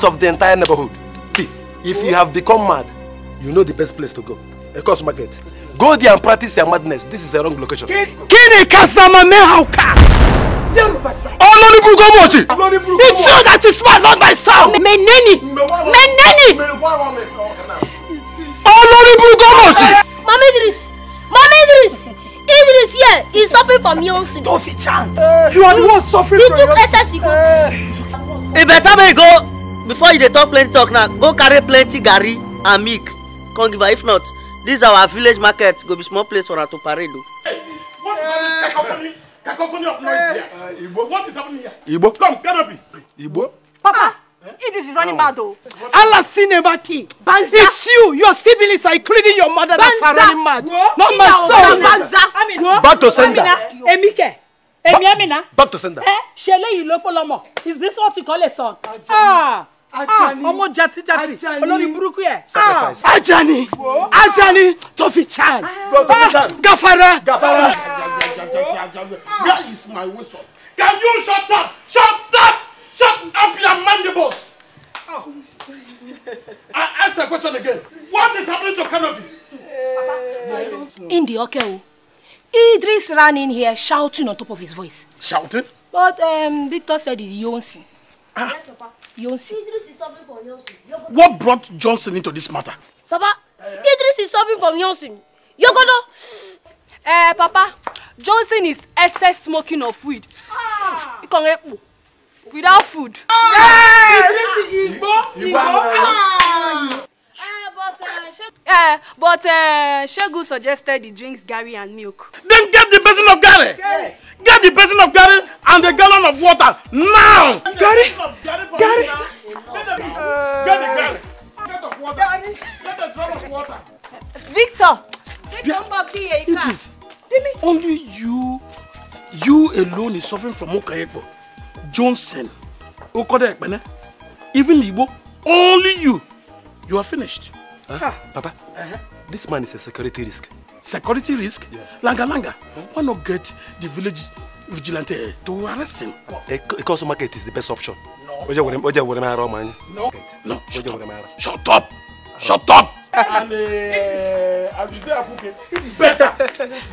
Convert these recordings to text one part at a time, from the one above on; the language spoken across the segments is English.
peace of the entire neighborhood. See, if you have become mad, you know the best place to go. A Ekos Market. Go there and practice your madness. This is the wrong location. Kini kasama mehauka. Olórí burúkú ọmọ ọ̀chì. It's you that is my not myself. Meneni. Meneni. Olórí burúkú ọmọ ọ̀chì. Mama Idris. Mama Idris. Idris here is suffering from your Don't be chant. you are the one suffering from your sin. He took SSU. It better may go before you dey talk plenty talk now go carry plenty garri and milk come give her if not this our village market go be small place for her to parade o. Hey, what is all this eh. cacophony cacophony of noise here. Uh, Igbo. what is happening here. Igbo. come canopy. Igbo. papa. Ah. Idris is running mad oh. Allah Sinebaki. Banza. It's you, your siblings are including your mother Banza. that's running mad. Not my son. Banza. Back to sender. Emike èmi ẹ̀mí na Dr. Senda ẹ ṣe eléyìí ló pọ̀ lọ́mọ is this what you call a son? Ajani ah, ah, ọmọ jati jati olórí burúkú yẹ ah. Ajani Ajani tofi chan Chan. gafara gafara where is my whistle can you shut up shut up shut up your mandibles. Oh. I ask the question again what is happening to Canopy. Indi ọkẹ́ o. Idris ran in here shouting on top of his voice. Shouting? But um, Victor said it's Yonsi. Ah. Yes, Papa. Yonsi. Idris is suffering from Yonsi. What brought Johnson into this matter? Papa, uh, Idris is suffering from Yonsi. Yogodo. Eh, uh, Papa, Johnson is excess smoking of weed. Ah. E Without food. Ah. Yes! Idris is Igbo. Igbo. Ah. But uh, uh, but, uh, Shegu suggested he drinks Gary and milk. Then get the basin of Gary. Yes. Get the basin of Gary and the gallon of water now. Gary. Gary. Get the Gary. Get the water. Get the drum of water. Victor. Victor It is. Dimi. Only you, you alone is suffering from Okayekbo. Johnson. Okode Ekpene. Even Igbo. Only you. You are finished. Huh? Papa, uh -huh. this man is a security risk. Security risk? Yeah. Langa Langa, huh? why not get the village vigilante to arrest him? A, a custom market is the best option. No. No. No. no. Shut, up. Shut up. Shut up. And uh, I'll be there cooking. It is better.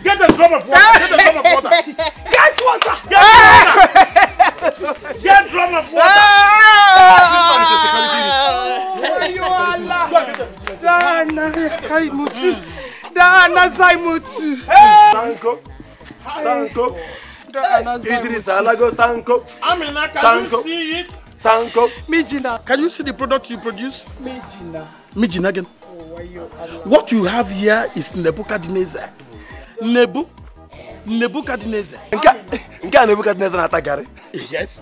Get the drum of water. Get the drum of water. Get water. Get water. Get drum of water. this man is a security risk. Oh, you are Da na hai mutu. Da na sai mutu. Sanko. Sanko. Da sai. Idris Alago Sanko. Amina, can Sanko. you see it? Sanko. Mijina. Can you see the product you produce? Mijina. Mijina again. Oh, What you have here is Nebuchadnezzar. Nebu. Nebuchadnezzar. Nka Nebuchadnezzar na-ata Yes.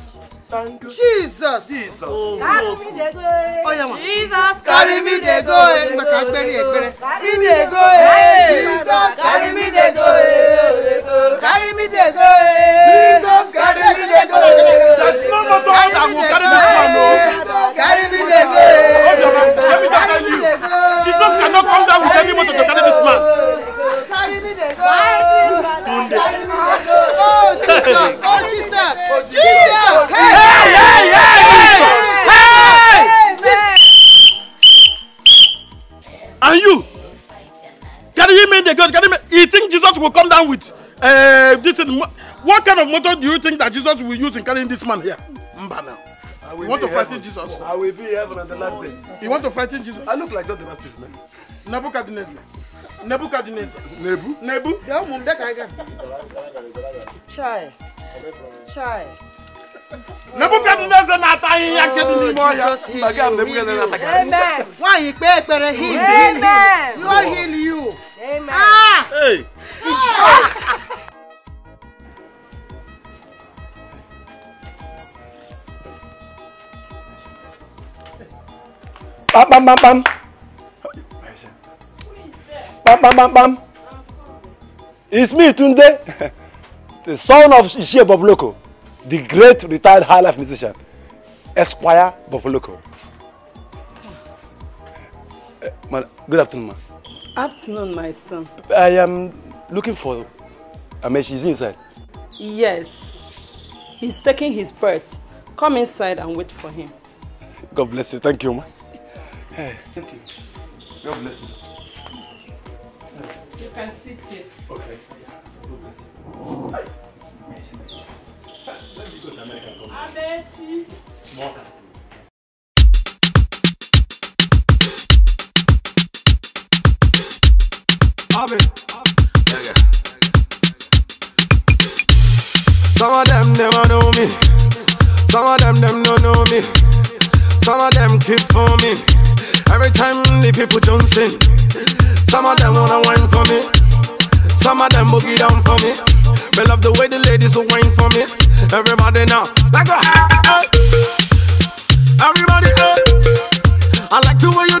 Thank you. Jesus. Jesus. Oh, carry me dey go. Oh, yeah, Jesus. Carry me dey go. Nígbà kan gbẹ́rí ẹgbẹ́rẹ́. Carry me dey go. Jesus. Carry me dey go. Carry me dey go. Jesus. Carry me dey go. That's not my daughter. I will carry this man. Carry me dey go. Let me just tell you. Jesus cannot come down with any motor to carry this man. Carry me dey go. Carry me dey go. Oh, Jesus. Oh, Jesus. Jesus. Hey. And you, can you mean the God? Can you, mean, you think Jesus will come down with uh, this? What kind of motor do you think that Jesus will use in carrying this man here? Mbana. You want to frighten Jesus? I will be heaven on the last day. You want to frighten Jesus? I look like John the Baptist now. Nebuchadnezzar. Nebuchadnezzar. Nebu? Nebu? Chai. Chai. nebukadneze na-ata ahịhịa nke dị Amen. ọhịa nwaanyị kpee ekpere heal you bam ah! bam. it's me Tunde the son of Ishe Bob the great retired high life musician, Esquire Bofoloco. Uh, good afternoon, ma. Afternoon, my son. I am looking for I mean, she's inside. Yes. He's taking his birth. Come inside and wait for him. God bless you. Thank you, ma. Hey. Thank you. God bless you. You can sit here. Okay. God bless you. Some of them never know me. Some of them them don't know me. Some of them keep for me. Every time the people jump in. Some of them wanna wine for me. Some of them boogie down for me. Me love the way the ladies will wine for me. Everybody now, like a. Uh, uh. Everybody, hey. Uh. I like the way you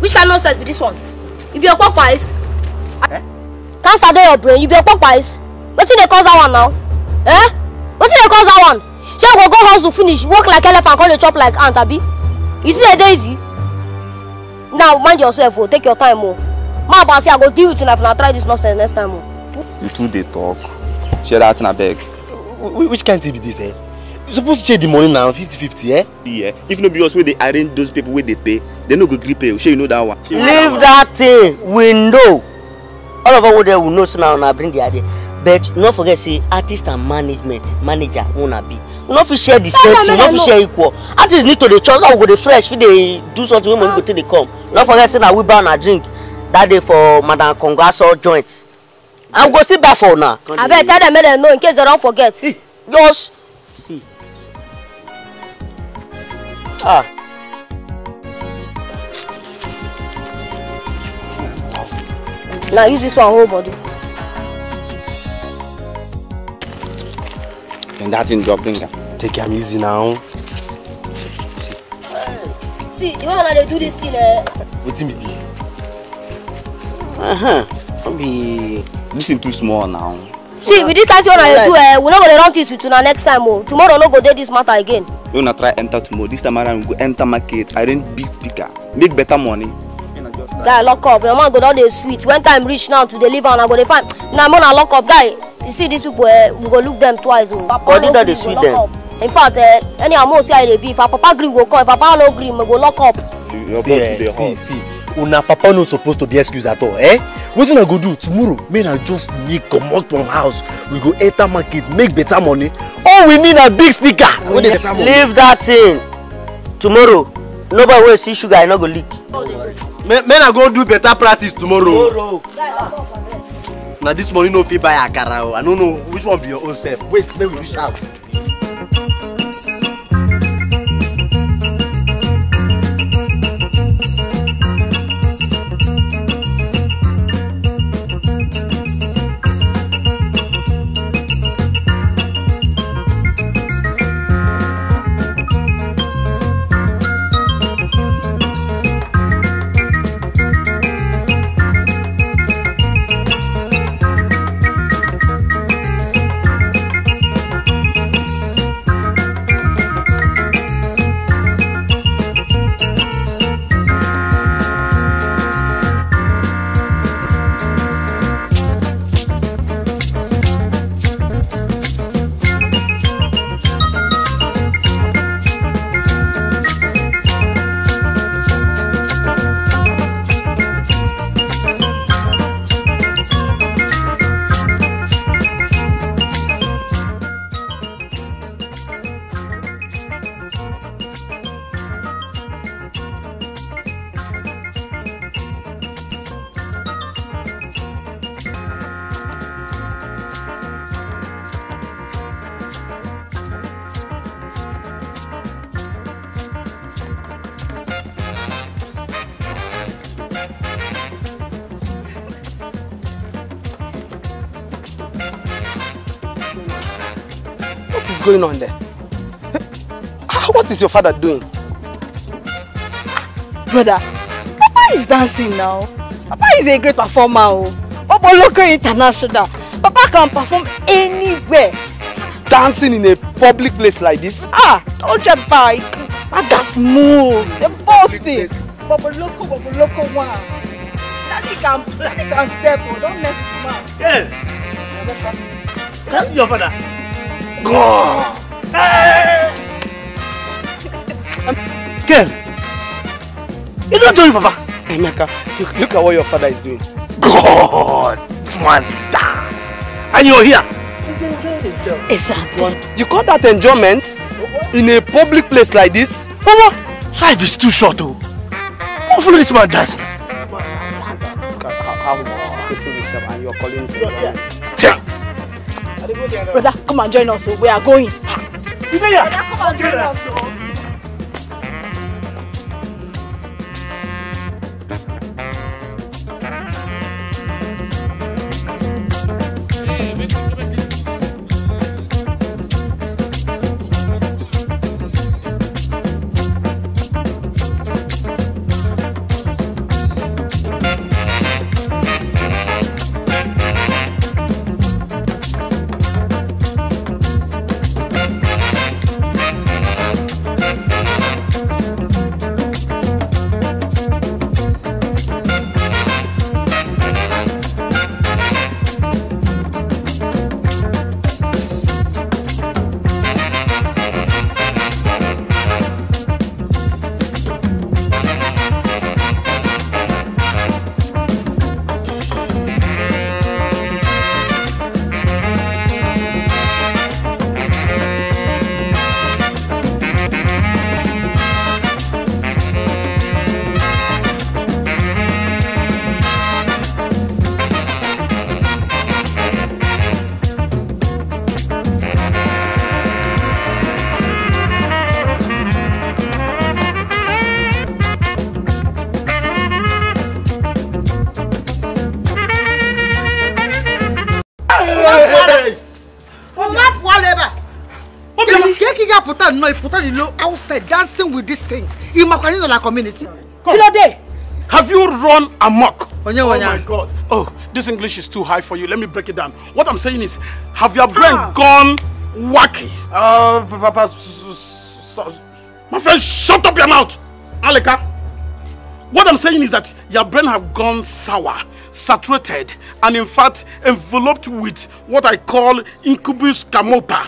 Which kind of nonsense be this one? You be a pop eyes. Eh? Cancer dey your brain. You be a pop eyes. did they cause that one now? Eh? What did they cause that one? She will go house to finish, work like elephant, call the chop like ant abi? You think dey dey Now mind yourself oh, take your time oh. My ba I go deal with you. if una try this nonsense next time oh. You two they talk. Share that in thing bag. Which can't be this eh? you suppose share the money now, 50-50 eh? Yeah. if no be us wey dey arrange those people where they pay they no go gree pay o you know that one. leave that thing we know all of us wey dey we know say na I bring the idea but not forget see, artist and management manager una be we no fit share the same thing we no fit share equal Artists need to dey chop now we go dey fresh fit dey do something wey money go take dey come Not forget say na we buy una drink that day for madam kongaso joint and we go still buy for una. abeg tell dem make dem know in case dem don forget. just Ah. Now use this one whole body. And that in your finger. Take him easy now. Uh, see, you know how they do this thing, eh? What's in this? Uh-huh. Maybe This is too small now. See, with this kind of thing I do, eh, we're not going to run this with you now next time. Oh. Tomorrow, no go do this matter again we una try enter tomorrow this time around we go enter market I arrange big speaker make better money. guy lock up your man go don the sweet when time reach now to deliver, and am una go dey find Now, mo na lock up guy you see these people eh we go look them twice oh. papa did gree go lock up in fact eh anyhow mo see how e be if papa green we go come if papa no green, we go lock up. see eh see see una papa no supposed to be excused at all eh wetin i go do tomorrow make i just make comot from house we go enter market make better money all we need na big speaker wey dey better money. leave that thing tomorrow nobody wey see sugar e no go leak. make i go do better practice tomorrow. tomorrow. na this money no fit buy akara o i no know which one be your own sef wait make we reach out. going on there? Ah, what is your father doing? Brother, Papa is dancing now. Papa is a great performer. Oh. Papa local international. Papa can perform anywhere. Dancing in a public place like this? Ah, don't ah, you buy? Papa smooth. The busting. Papa local, Papa local one. Daddy can, play and step. Oh. Don't mess with him up. Ah. Yeah. Can I see your father? Girl, you don't do it, Papa. look, look at what your father is doing. God! Man, that! And you're here! He's enjoying himself. Exactly. You call that enjoyment? In a public place like this? Papa, life is too short, oh. Hopefully this man does. Look at how, he's himself and you're calling him. brother come and join us oh. we are going. brother come and join us oh. rather not putting the law outside dancing with these things He in Makwanidola community. Kí ló dé? Have you run amok? Onye, oh my God. Oh, this English is too high for you. Let me break it down. What I'm saying is, have your brain ah. gone wacky? Uh, Papa, my friend, shut up your mouth, Aleka. What I'm saying is that your brain have gone sour, saturated, and in fact enveloped with what I call incubus camopa.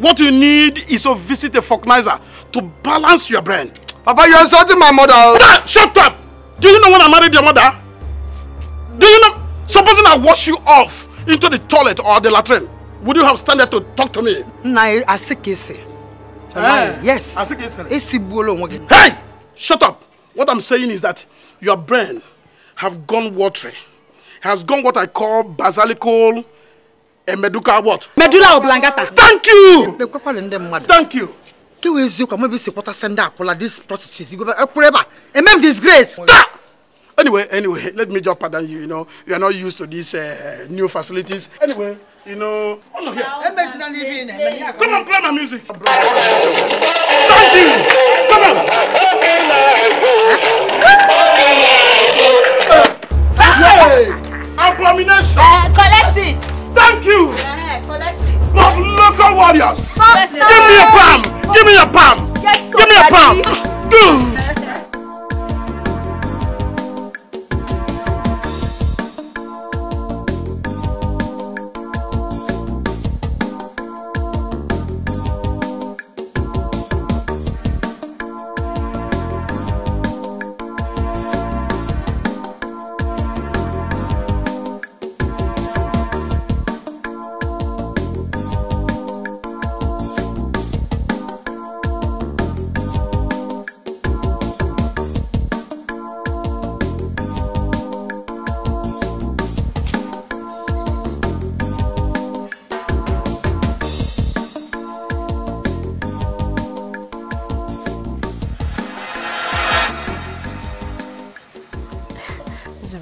What you need is to visit a Falknizer to balance your brain. Papa, you're insulting my mother. shut up! Do you know when I married your mother? Do you know? Supposing I wash you off into the toilet or the latrine, would you have stand there to talk to me? Nah, e, eh, I see Casey. Yes. I see Casey. Hey! Shut up! What I'm saying is that your brain have gone watery. Has gone what I call basilical Medulla what. Medulla oblongata. thank you. ekwekwara ndị mmadụ. thank you. ke wee eziokwu amaghị esi kpọtasị ndị akwụla this prostitutes igwe ekwuru ebe a eme m disgrace. taa. Anyway, anyway, let me just pardon you. You know, you are not used to these uh, new facilities. Anyway, you know. Oh no, here. Come on, play my music. Thank you. Come on. Hey, uh, collect it. Thank you. Yeah, collect it. local warriors. Give me a palm. Give me a palm. Give me a palm. Good.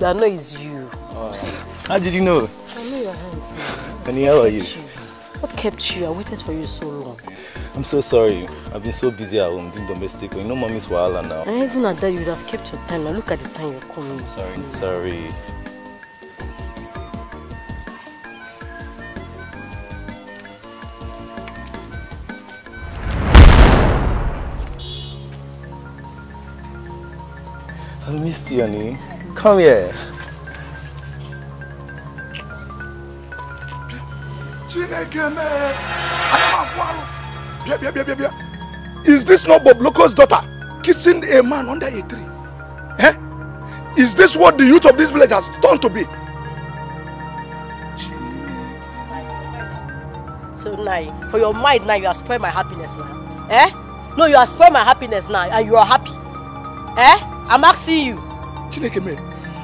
I know it's you. Oh. How did you know? I know your hands. Honey, how are you? you? What kept you? I waited for you so long. I'm so sorry. I've been so busy at home doing domestic. You know mommy's wahala now. And even at that, you'd have kept your time. Now look at the time you're coming. Sorry, mm. sorry. I missed you, honey. Come here. Is this not Bob Loco's daughter kissing a man under a tree? Eh? Is this what the youth of this village has turned to be? So now, for your mind now, you are spoiled my happiness now. Eh? No, you are spoiled my happiness now, and you are happy. Eh? I'm asking you. Chineke,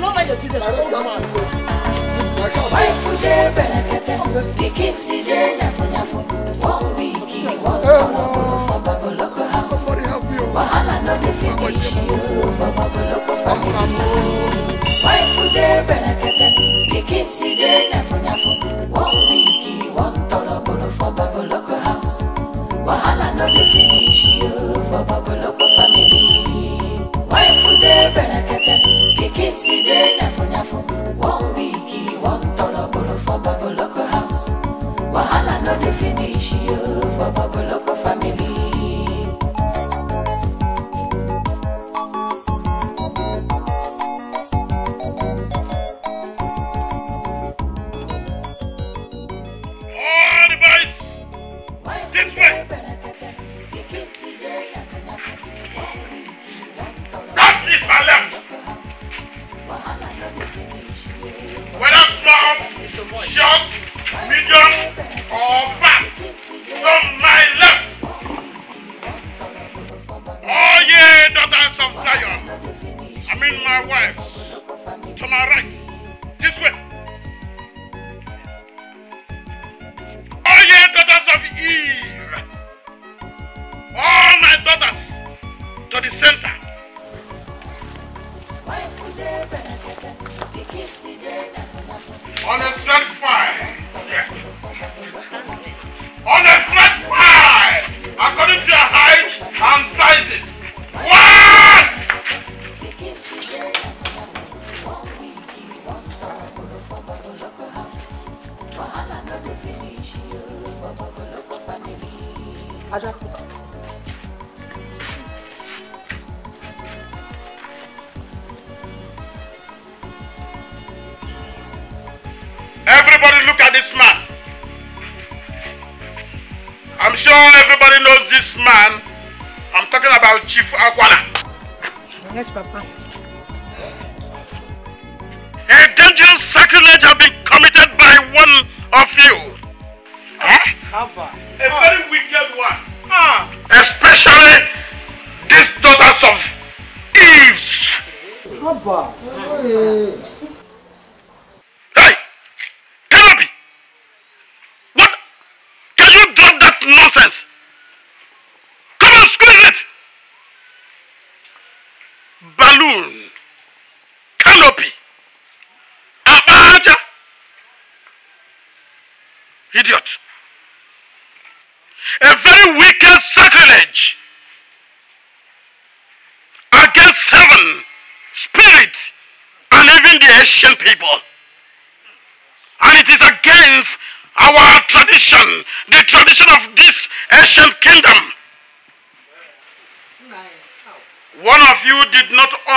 You don't like the pizza. I don't know. Why food they benekete? Pikin si dey nyafu nyafu. One week, one for Baboloko house. Wahala no finish you for Baboloko family. Why food they benekete? Pikin si for Baboloko house. Wahala no finish you for Baboloko family. Ikitsi de nyafu nyafu One week, one dollar bolo for Baboloko house Wahala no dey finish you for Baboloko family E.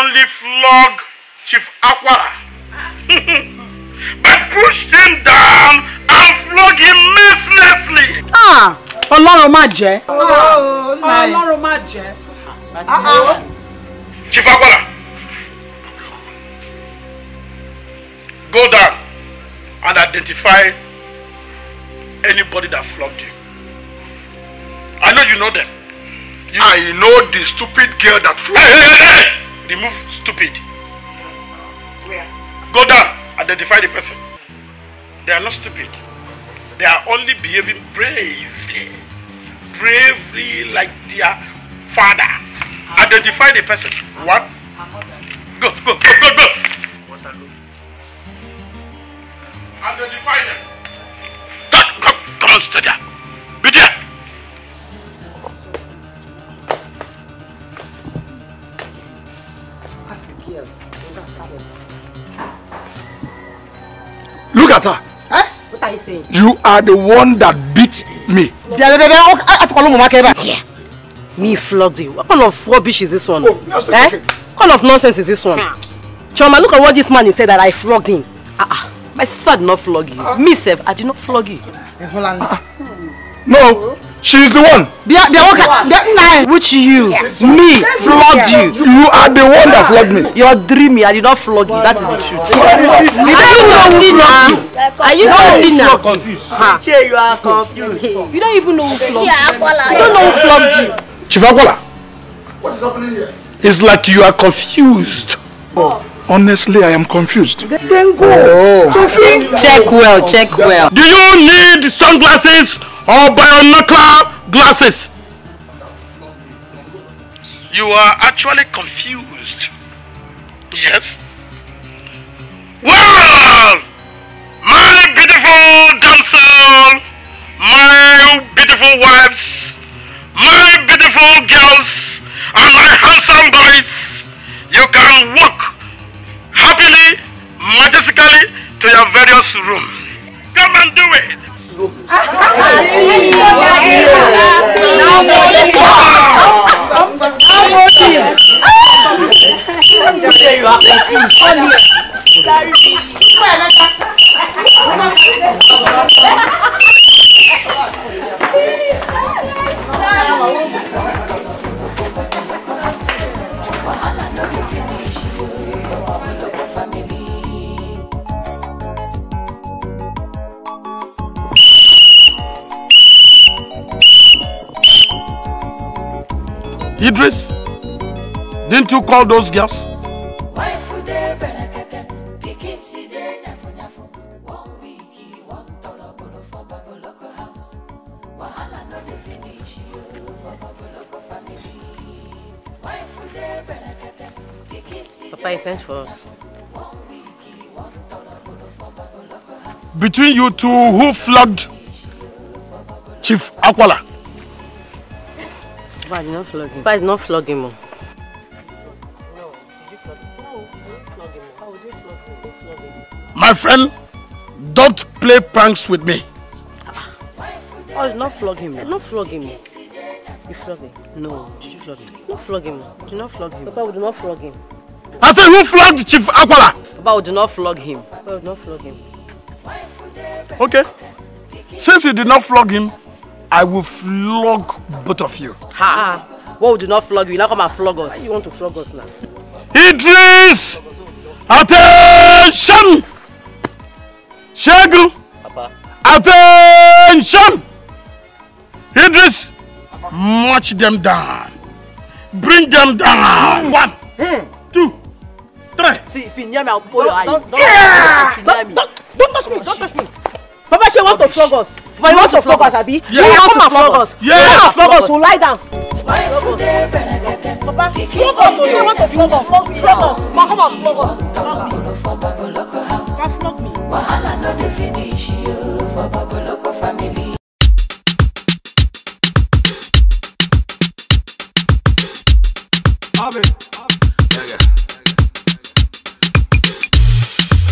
only flog Chief Akwara, but pushed him down and flogged him mercilessly. Ah, Ọlọ́run má jẹ́. Oh, oh, oh, Ọlọ́run uh-uh. Chief Akwara, go down and identify anybody that flogged you. I know you know them. You I know the stupid girl that flogged you. hey, hey, hey remove stupid. Where? Go down, identify the person. They are not stupid. They are only behaving bravely. Bravely like their father. Our identify the person. What? Go, go, go, go, go. What are Identify them. Come, come, come on, study. Look at Yes. Look at her. Eh? What are you saying? You are the one that beat me. Oh, yeah. Me flogged you. What kind of rubbish is this one? Oh, eh? What kind of nonsense is this one? Ah. Choma, look at what this man said that I flogged him. Ah, uh ah. -uh. My son did not flog you. Uh, me, Sef, I did not flog you. Uh, no. Oh. She is the one. They are, they are okay. That nine. Which you, yes. me, flogged you. You are the one that flogged me. You are dreamy. I did not flog you. That is the truth. Are you confused? Are you confused? Huh. You are confused. You don't even know who flogged you. You don't know who flogged you. Chief What is happening here? It's like you are confused. Oh. Honestly, I am confused. Then go. Oh. Check well, check well. Do you need sunglasses or club glasses. You are actually confused. Yes? Well, my beautiful damsel, my beautiful wives, my beautiful girls, and my handsome boys, you can walk happily, majestically to your various room. Come and do it. dúró. Sorry. Idris, didn't you call those girls? Papa is sent for us. Between you two, who flogged Chief Akwala? Papa did not flogging him. Papa not flog him. No, did you flog him? No, did you How would you flog him? You flog My friend, don't play pranks with me. Oh, it's not flogging me. Not flogging me. You flogging? No. Did you flog him? Not flogging me. Do not flog him. Papa would not flog him. I said who flogged Chief Akwala? Papa would not flog him. Papa would not flog him. Okay. Since you did not flog him, I will flog both of you. Ha! Uh, would you not flog you. You're come and flog us. Why you want to flog us now? Idris! Attention! Shagun! Papa. Attention! Idris! March them down. Bring them down. Hmm. One, hmm. two, three. See, if you me, I'll pull your eye. Don't, don't touch me. Don't touch me. Papa, she want to flog us but you want to flog us abi you want to flog us you want to flog us so lie down. Papa, flog us o you flog us flog us come on flog us. Papa flog me.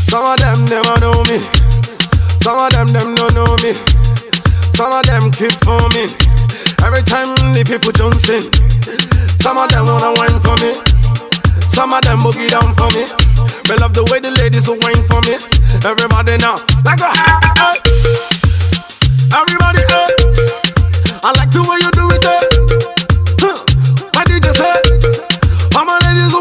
Some of them never know me. Some of them them don't know me. Some of them keep for me. Every time the people in. some of them wanna wine for me. Some of them boogie down for me. We love the way the ladies will wine for me. Everybody now, like a hey. Everybody, hey. I like the way you do it. Hey. Huh. What did you say? All my ladies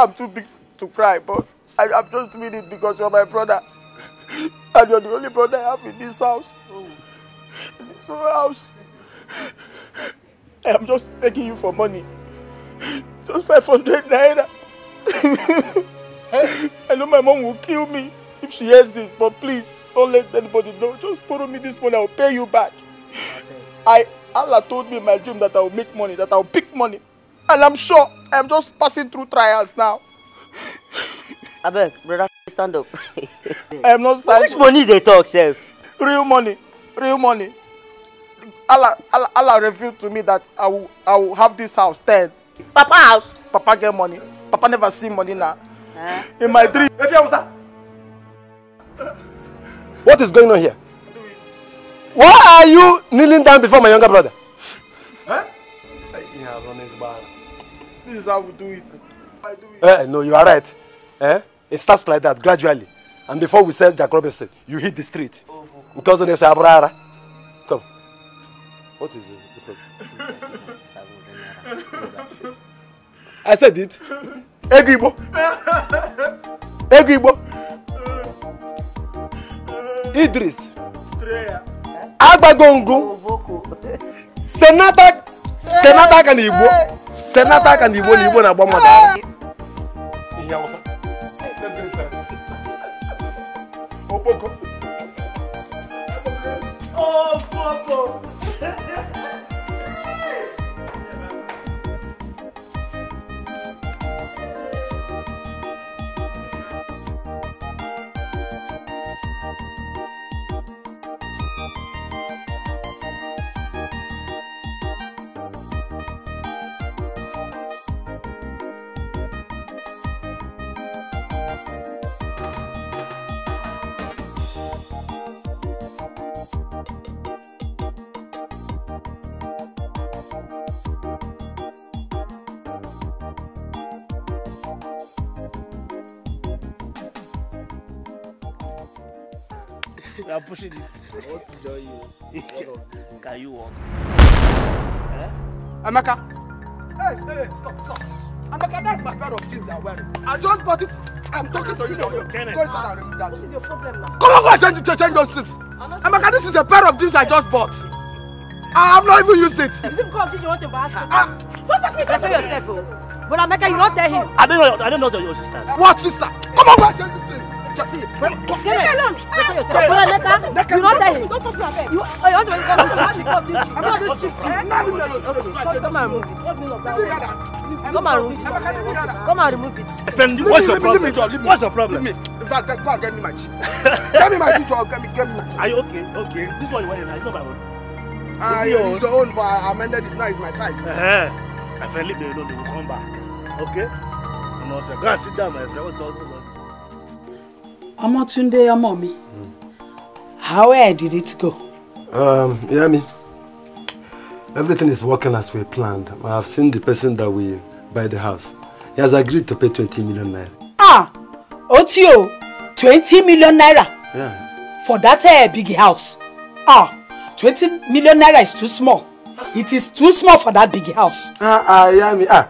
know I'm too big to cry, but I, I'm just doing it because you're my brother. And you're the only brother I have in this house. Oh. In this whole house. I'm just begging you for money. Just 500 naira. I know my mom will kill me if she hears this, but please, don't let anybody know. Just borrow me this money, I'll pay you back. Okay. I Allah told me in my dream that I'll make money, that I'll pick money. and i'm sure i'm just passing through trials now. abeg brother stand up. i'm not standing. which money they talk sef. real money real money allah allah allah reveal to me that i will i will have this house ten. papa house. papa get money papa never see money now. Huh? in my dream. what is going on here. why are you kneeling down before my younger brother. Huh? This is how we do it. do it. Eh, no, you are right. Eh? It starts like that gradually. And before we sell Jack Robinson, you hit the street. Oh, oh, oh. Come. What is it? I said it. Egigbo. Egigbo. Idris. Agbagongu. Senator senata aka na igbo senata aka na igbo na igbo na-agba mmadụ ihe awụsa okpoko okpoko you are pushing it. I want to join you. Can you walk? Eh? Amaka. Hey, hey, stop, stop. Amaka, that's my pair of jeans I'm wearing. I just bought it. I'm talking to you now. Go inside ah, and remove that. What is your problem now? Come on, go and change, change, change those things. Amaka, this is a pair of jeans I just bought. I have not even used it. Is it because you want to buy her? Ah. Don't talk me That's not yourself, oh. But Amaka, you don't tell him. I don't know, I don't know your sisters. What sister? Come on, go and change your thing. Leave alone. Later. You not tell him. Don't talk to him. You, I want to go to this chief. I'm not this chief. Leave me alone. Come and remove it. Come and remove it. Come and remove it. Friend, what's your problem? What's your problem? Leave me. go and get me my chief. Get me my chief or get me, get me. Are you okay? Okay. This one you want It's not my own. Uh, it's your, your own, but I amended it now. It's my size. Uh-huh. My friend, leave me alone. They will come back. Okay? No, sir. Go and sit down, my friend. What's all this? Ọmọ́túndé ọmọ mi how did it go? Um, yeah, me. Everything is working as we planned. I have seen the person that we buy the house. He has agreed to pay twenty million naira. Ah, Otio, twenty million naira? Yeah. For that uh, big house? Ah, twenty million naira is too small. It is too small for that big house. Ah, ah, uh, yeah, me. Ah,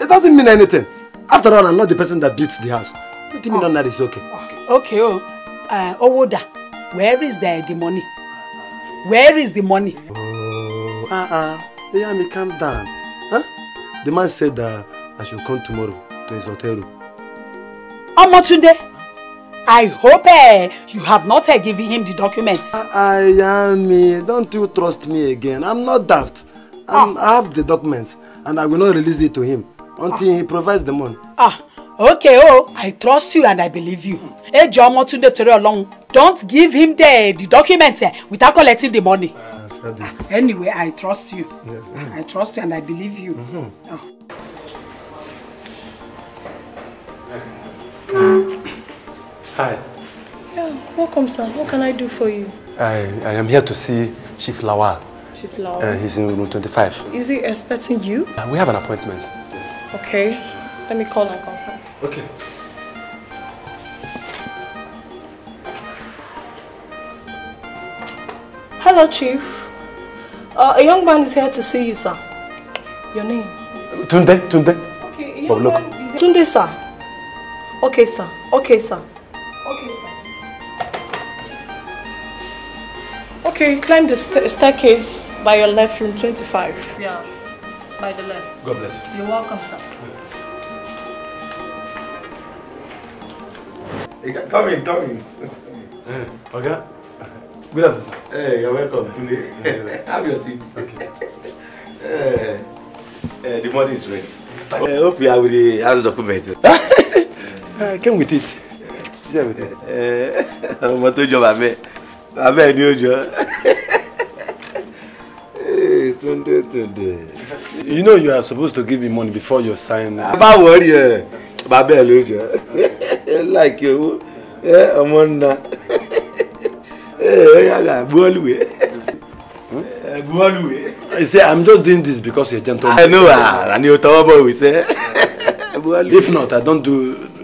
it doesn't mean anything. After all, I'm not the person that built the house. 20 million ah. naira is okay. Ah okay oh, uh, owó where is the, the money where is the money. oh ah ah eyami calm down huh? the man said that i should come tomorrow to his hotel room. Ọmọtúndé i hope eh you have not eh given him the documents. ayami ah, ah, uh, don't you trust me again i'm not daft I'm, oh. i have the documents and i will not release it to him until oh. he provides the money. Oh. okay oh i trust you and i believe you what tunde torí ọlọ́run don't give him the the document eh, without collecting the money uh, anyway i trust you yes, mm. i trust you and i believe you. Mm -hmm. oh. Hi. Yeah, welcome, sir. What can I do for you? I, I am here to see Chief Lawal. Chief Lawal? Uh, he's in room 25. Is he expecting you? Uh, we have an appointment. Okay. Let me call and come. Okay. Hello, Chief. Uh, a young man is here to see you, sir. Your name? Tunde, Tunde. Okay, a young man Tunde, sir. Okay, sir. Okay, sir. Okay, you climb the st staircase by your left, room 25. Yeah, by the left. God bless you. You're welcome, sir. Come in, come in. Eh, Oga, good afternoon. Hey, you're welcome, Tunde. Have your seat. Okay. Uh, uh, the money is ready. I hope you have the house document. I came with it. Share with it. Ọmọ tó jọ bàbẹ́ bàbẹ́ ni ó jọ. Tunde Tunde. You know you are supposed to give me money before you sign. Ah, Báwo rí ẹ, bàbẹ́ ló like láìkí owó ẹ ọmọ nna ẹ ẹ yàgà bọ́ọ̀lùwẹ̀ ẹ bọ́ọ̀lùwẹ̀. I say I'm just doing this because you're gentle. I know ah and ni o tọwọ́ bọ̀ wí sẹ́. If not I don't do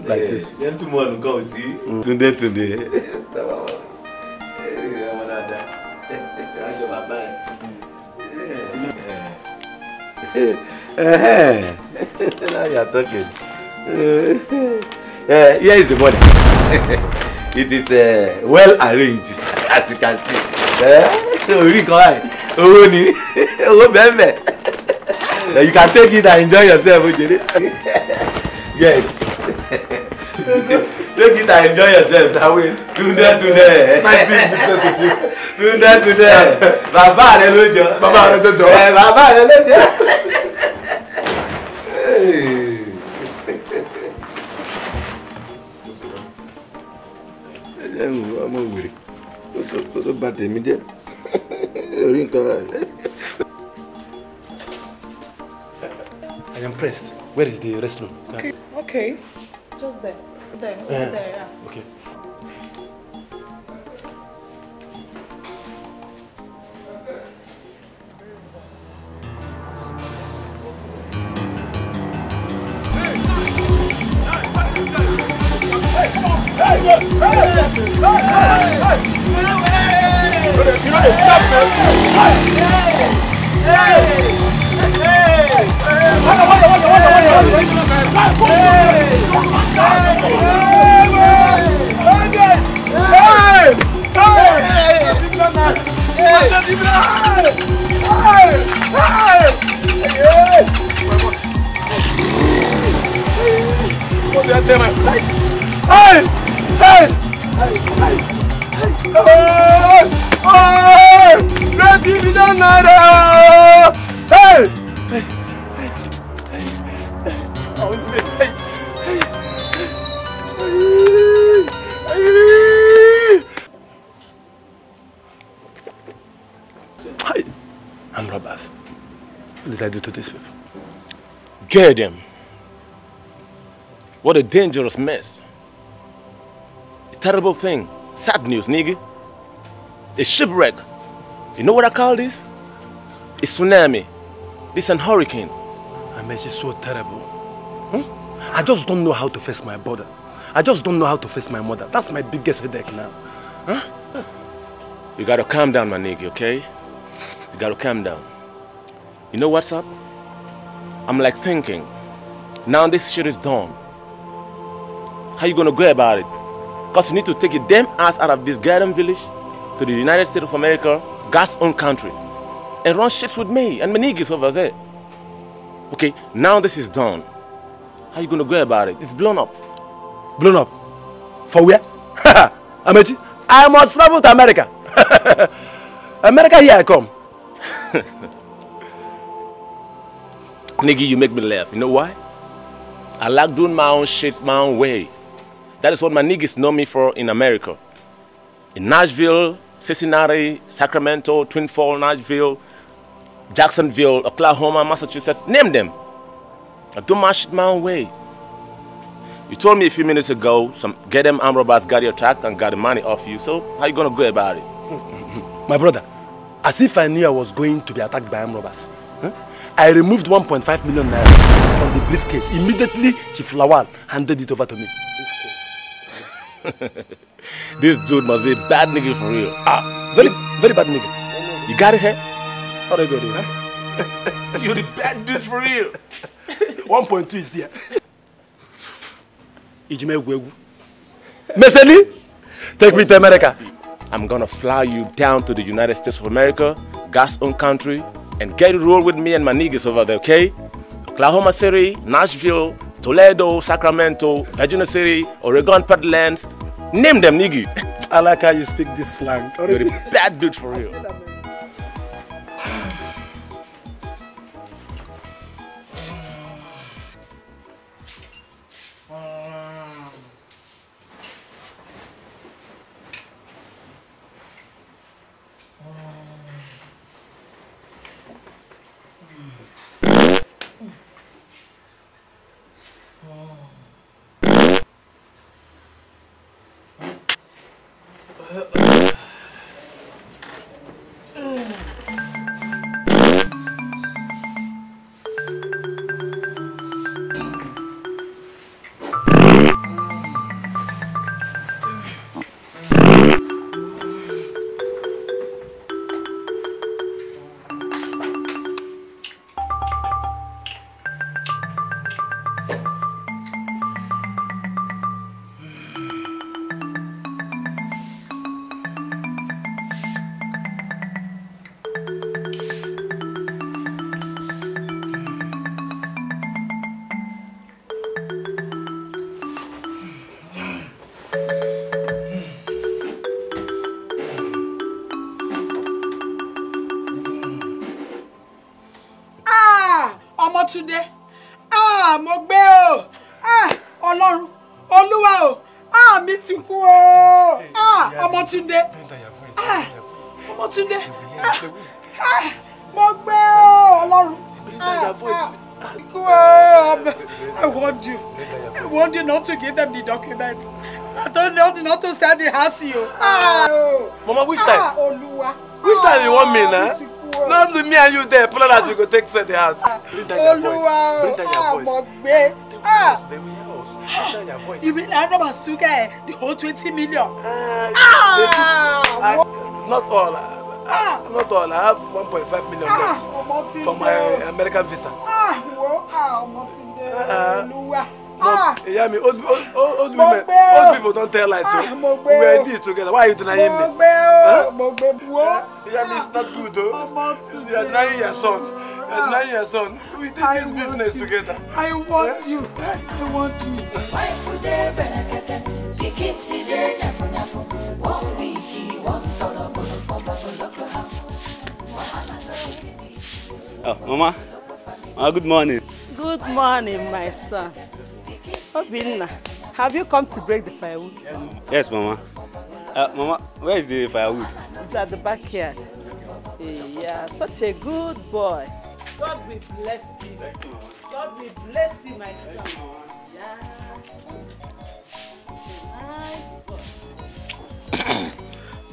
like this. Gentleman nǹkan ò sí. Tunde tunde. Yeah. Uh-huh. now you're talking. Uh, here is the money. it is uh, well arranged as you can see. Eh, orí kan báyìí, owó ni, owó You can take it and enjoy yourself, Ojere. yes. take it and enjoy yourself that way. Tunde tunde. Nice doing business with you. Tunde tunde. Baba, rẹ ló jọ. Bàbá rẹ ló jọ. Bàbá rẹ ọmọ wèrè kó tó tèmi jẹ́ orí nǹkan báyìí. I am pressed. Where is the restroom? Okay. okay. Just there. There. Yeah. There, yeah. Okay. Let's go. Hey! Twenty million naira! I'm robbers. What did I do to these people? Get them. What a dangerous mess. Terrible thing. Sad news, nigga. A shipwreck. You know what I call this? A tsunami. This and hurricane. I mean, it's so terrible. Hmm? I just don't know how to face my brother. I just don't know how to face my mother. That's my biggest headache now. Huh? You gotta calm down, my nigga, okay? You gotta calm down. You know what's up? I'm like thinking, now this shit is done. How you gonna go about it? Because we need to take them damn ass out of this garden village to the United States of America, God's own country, and run ships with me and my niggas over there. Okay, now this is done. How you gonna go about it? It's blown up. Blown up? For where? Amechi, I must travel to America. America, here I come. Nigga, you make me laugh. You know why? I like doing my own shit my own way. That is what my niggas know me for in America. In Nashville, Cincinnati, Sacramento, Twin Falls, Nashville, Jacksonville, Oklahoma, Massachusetts, name them. I do my shit my own way. You told me a few minutes ago, some get them arm robbers got your attacked and got the money off you, so how you gonna go about it? my brother, as if I knew I was going to be attacked by arm robbers. Huh? I removed 1.5 million naira from the briefcase. Immediately, Chief Lawal handed it over to me. this dude must be a bad nigga for real. Ah, very, very bad nigga. You got it, hey? How do you do it? Huh? You're the bad dude for real. 1.2 is here. Ijime Gwegu. Meseli, take me to America. I'm gonna fly you down to the United States of America, gas own country, and get you roll with me and my niggas over there, okay? Oklahoma City, Nashville, Toledo, Sacramento, Virginia City, Oregon, Portland. Name them, Niggy. I like how you speak this slang. You're a bad dude for real. voice. Well, I want you. I want you not to give them the documents. I told you not to send the house you. Ah. Mama, which time? Ah, Olúwa. Which time you want me ah, now? Not me and you there. Plan as we go take send the house. Ah, Bring down your voice. Bring down your voice. Ah. You mean Adam has took uh, the whole 20 million? ah! not all. Uh, Ah, not all. I have 1.5 million ah, left for my American visa. Ah, wo, ah, uh-huh. Olúwa. Ah, ìyá mi, old, old, old women, old people don't tell lies. Ah, so oh. we are in this together. Why are you denying me? Mo gbé wo. Ìyá mi, it's not good though. You are denying your son. You are ah. denying your son. We did I this business you. together. I want yeah? you. I want you. Waifu de berekete, pikin si de nyafu nyafu, one wiki, one tọrọ. Oh, Mama, oh, good morning. Good morning, my son. Obinna, have you come to break the firewood? Yes, Mama. Yes, Mama. Uh, Mama, where is the firewood? It's at the backyard. Eh, yeah, such a good boy. God be bless you. God be bless you, my son. Yeah.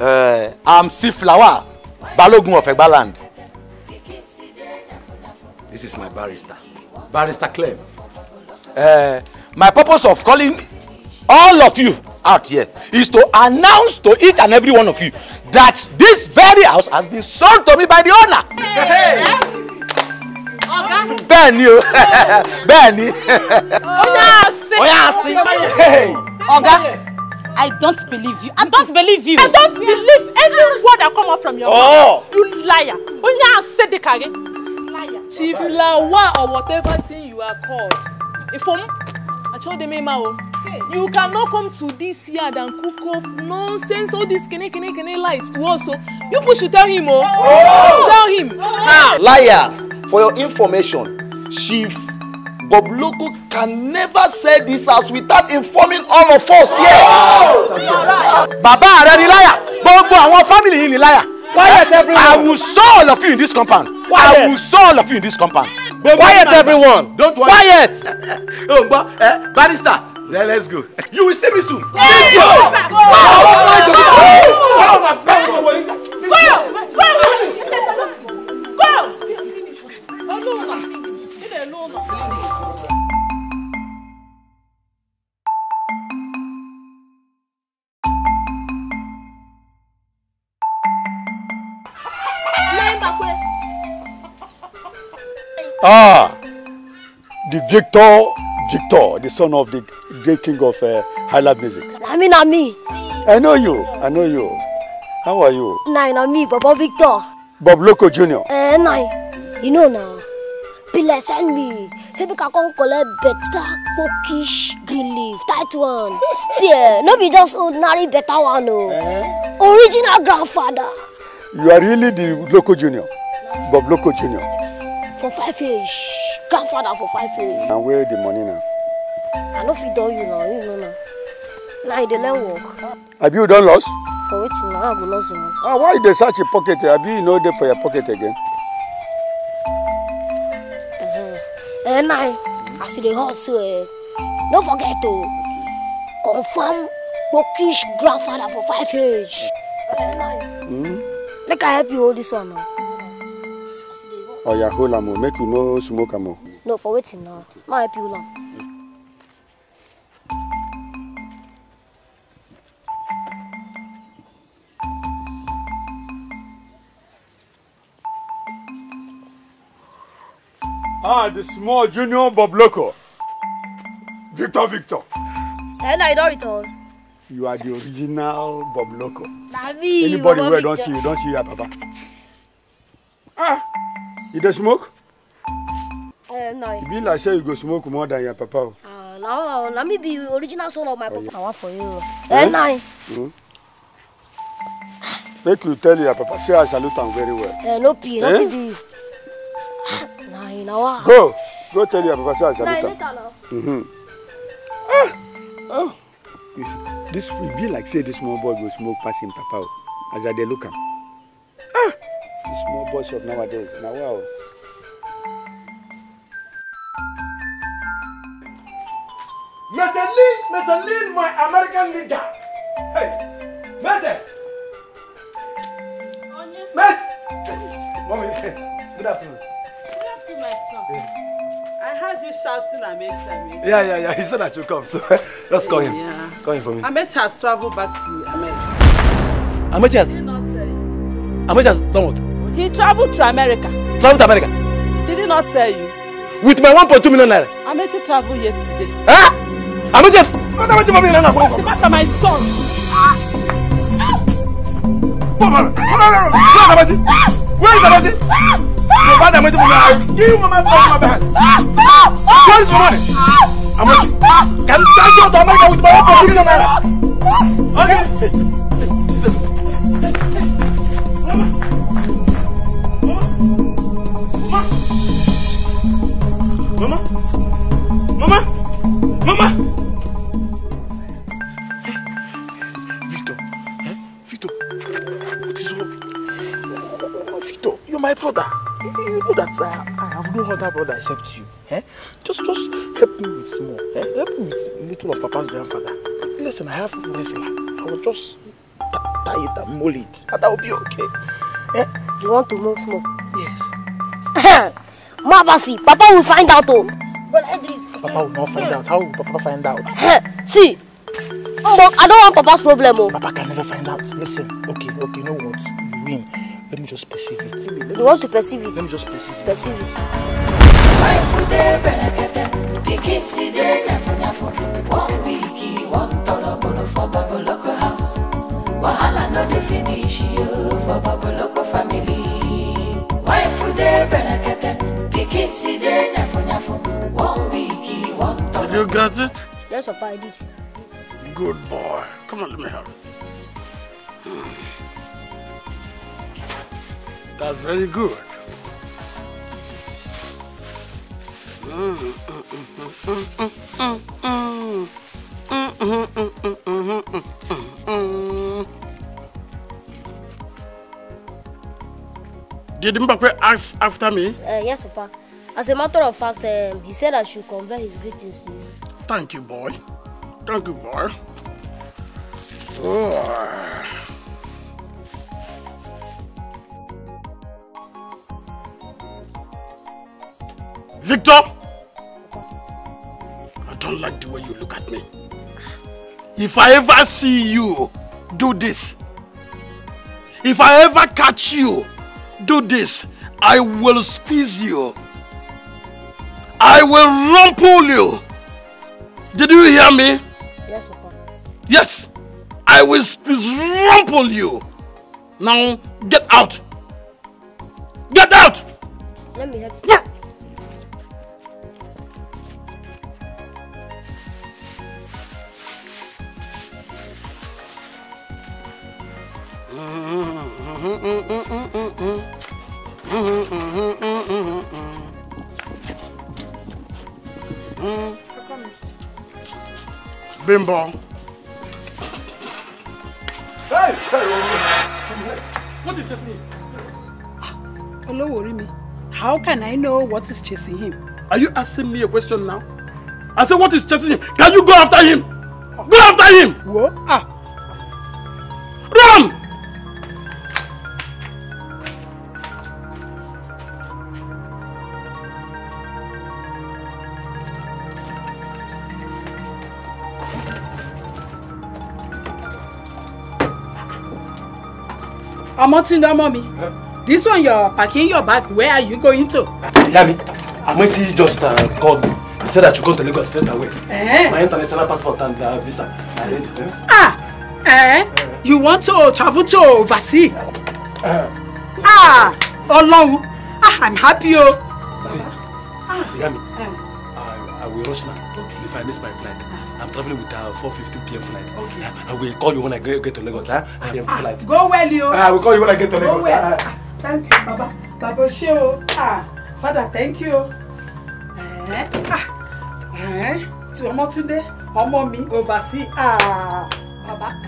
uh, I'm Flower. Balogun of Egbaland. This is my barrister. Barrister Clem. Uh, my purpose of calling all of you out here is to announce to each and every one of you that this very house has been sold to me by the owner. bẹ́ẹ̀ ni o bẹ́ẹ̀ ni. oya si. ọ̀gá I don't believe you. I don't believe you. I don't believe any word that come out from your oh! mouth. Oh. You liar. oya sedekare. Chief Lawa or whatever thing you are called. If I'm, I told them, you cannot come to this yard and cook up nonsense, all this kene kene kene lies to us. So you people should tell him, oh, oh. tell him. How? Ah! Liar, for your information, Chief Bob Loko can never say this as without informing all of us here. Bàbá rẹ̀ ni láyà, gbogbo àwọn fámìlì yìí ni láyà. Quiet everyone. I will saw all of you in this compound. Quiet. I will saw all of you in this compound. Baby, Quiet, everyone. Don't worry. Quiet. oh, but, eh, barrister, Then let's go. You will see me soon. Hey, let's go. Go. Go. Go. Go. Go. Go. Go. Go. Go. Go. Go. Go. Go. Go. Go. Go. Go. Ah, the victor, Victor, the son of the great king of uh, Highland music. Na me, na me. I know you, I know you. How are you? Nine, na me, Baba Victor. Bob Loco Junior. Eh, nine. You know now. Pile send me. Say make I come collect better cookish green leaf, tight one. See, eh, no be just ordinary better one, no. Oh. Eh? Original grandfather. You are really the Loco Junior, Bob Loco Junior for five years. Grandfather for five years. And where the money now? I no fit tell you now, you know now. Now you don't work. Have you done loss? For which na? I go loss the money. Ah, why you dey search your pocket? Have you no dey for your pocket again? Uh-huh. Eh, now, I see the hot so, eh, no forget to confirm Bokish grandfather for five years. Eh, now, mm? make I help you hold this one now oya hold am o make you no smoke am o. no for wetin na ma help you now. Ah, the small junior Bob Loco. Victor Victor. And I don't return. You are the original Bob Loco. Anybody where don't see you, don't see you, Papa. Ah. You dey smoke? Uh, no. It be like say you go smoke more than your papa. Uh, no, let me be original soul of my papa. I oh, want for you. Eh, eh nine. Mm? Make you tell your papa, say I salute him very well. Eh, no pee, eh? nothing do you. Nine, now. Go, go tell your papa, say I salute am. Nine, later now. Mm-hmm. Ah, oh. This will be like say this small boy go smoke past him papa. As I dey look am. Ah the small boy shop nowadays. Now, wow. Metalin, Metalin, my American leader. Hey, Mete. Mete. Mommy, good afternoon. Good afternoon, my son. I heard you shouting, Amecha, Amecha. Yeah, yeah, yeah. He said that you come, so let's call him. Yeah. Call him for me. Amecha has traveled back to America. Amecha has? Amecha has done what? He traveled to America. Traveled to America? Did he not tell you? With my 1.2 million naira. Amechi traveled yesterday. Huh? Amechi, what about my million naira? What's the matter, my son? Where is Amechi? Your father Amechi from your house. Give him my back. Where is my money? Amechi, can you travel to America with my 1.2 million Okay. Mama! Mama! Mama! Eh, Victor! Eh? Victor! What is wrong? Oh, Victor, you're my brother. Eh, you know that I, have no other brother except you. Eh? Just, just help me with small. Eh? Help me with little of Papa's grandfather. Listen, I have wrestler. I will just tie it and mold it, and that will be okay. Eh? You want to move small? Yes. Mabasi, Papa will find out oh. Brother Idris. Papa will not find out. How will Papa find out? See, so I don't want Papa's problem oh. Papa can never find out. Listen, okay, okay, you know what? You win. Let me just perceive it. Let me, let you want to perceive it? Let me just perceive it. Perceive it. You got it? Yes, Papa, I did. Good boy. Come on, let me help. it. Hmm. That's very good. Did Mbappe ask after me? Uh, yes, Papa. As a matter of fact, um, he said I should convey his greetings to you. Thank you, boy. Thank you, boy. Oh. Victor! I don't like the way you look at me. If I ever see you do this, if I ever catch you do this, I will squeeze you I will rumple you. Did you hear me? Yes, Papa. Yes. I will rumple you. Now, get out. Get out. Let me help you. Mm-hmm. mm-hmm, mm-hmm, mm-hmm Bimbo. Hey, hey, oh, what is chasing him? Olówó worry me. how can I know what is chasing him? Are you asking me a question now? I said what is chasing him? Can you go after him? Go after him! Wo? Ah, ọmọ tí ń lọ ọmọ mi this one your packing your bag where are you going to. yami amaechi just uh, called me he said that you come to Lagos straight away eh? my international passport and uh, visa i ready. Eh? ah eh? Eh. you want to travel to overseas. Eh. ah Ọlọ́run ah i'm happy o. Oh. see ah. yami eh. I, i will rush now if i miss my flight I'm traveling with a 4:15 p.m. flight. Okay. I will call you when I get, to Lagos. Huh? Ah, ah, flight. Go well, you. I will call you when I get to Lagos. Go well. Ah. Thank you, Baba. Baba show. Ah, Father, thank you. Eh? Ah. Eh? Ti ọmọ Túndé, ọmọ oversee. Ah, Baba.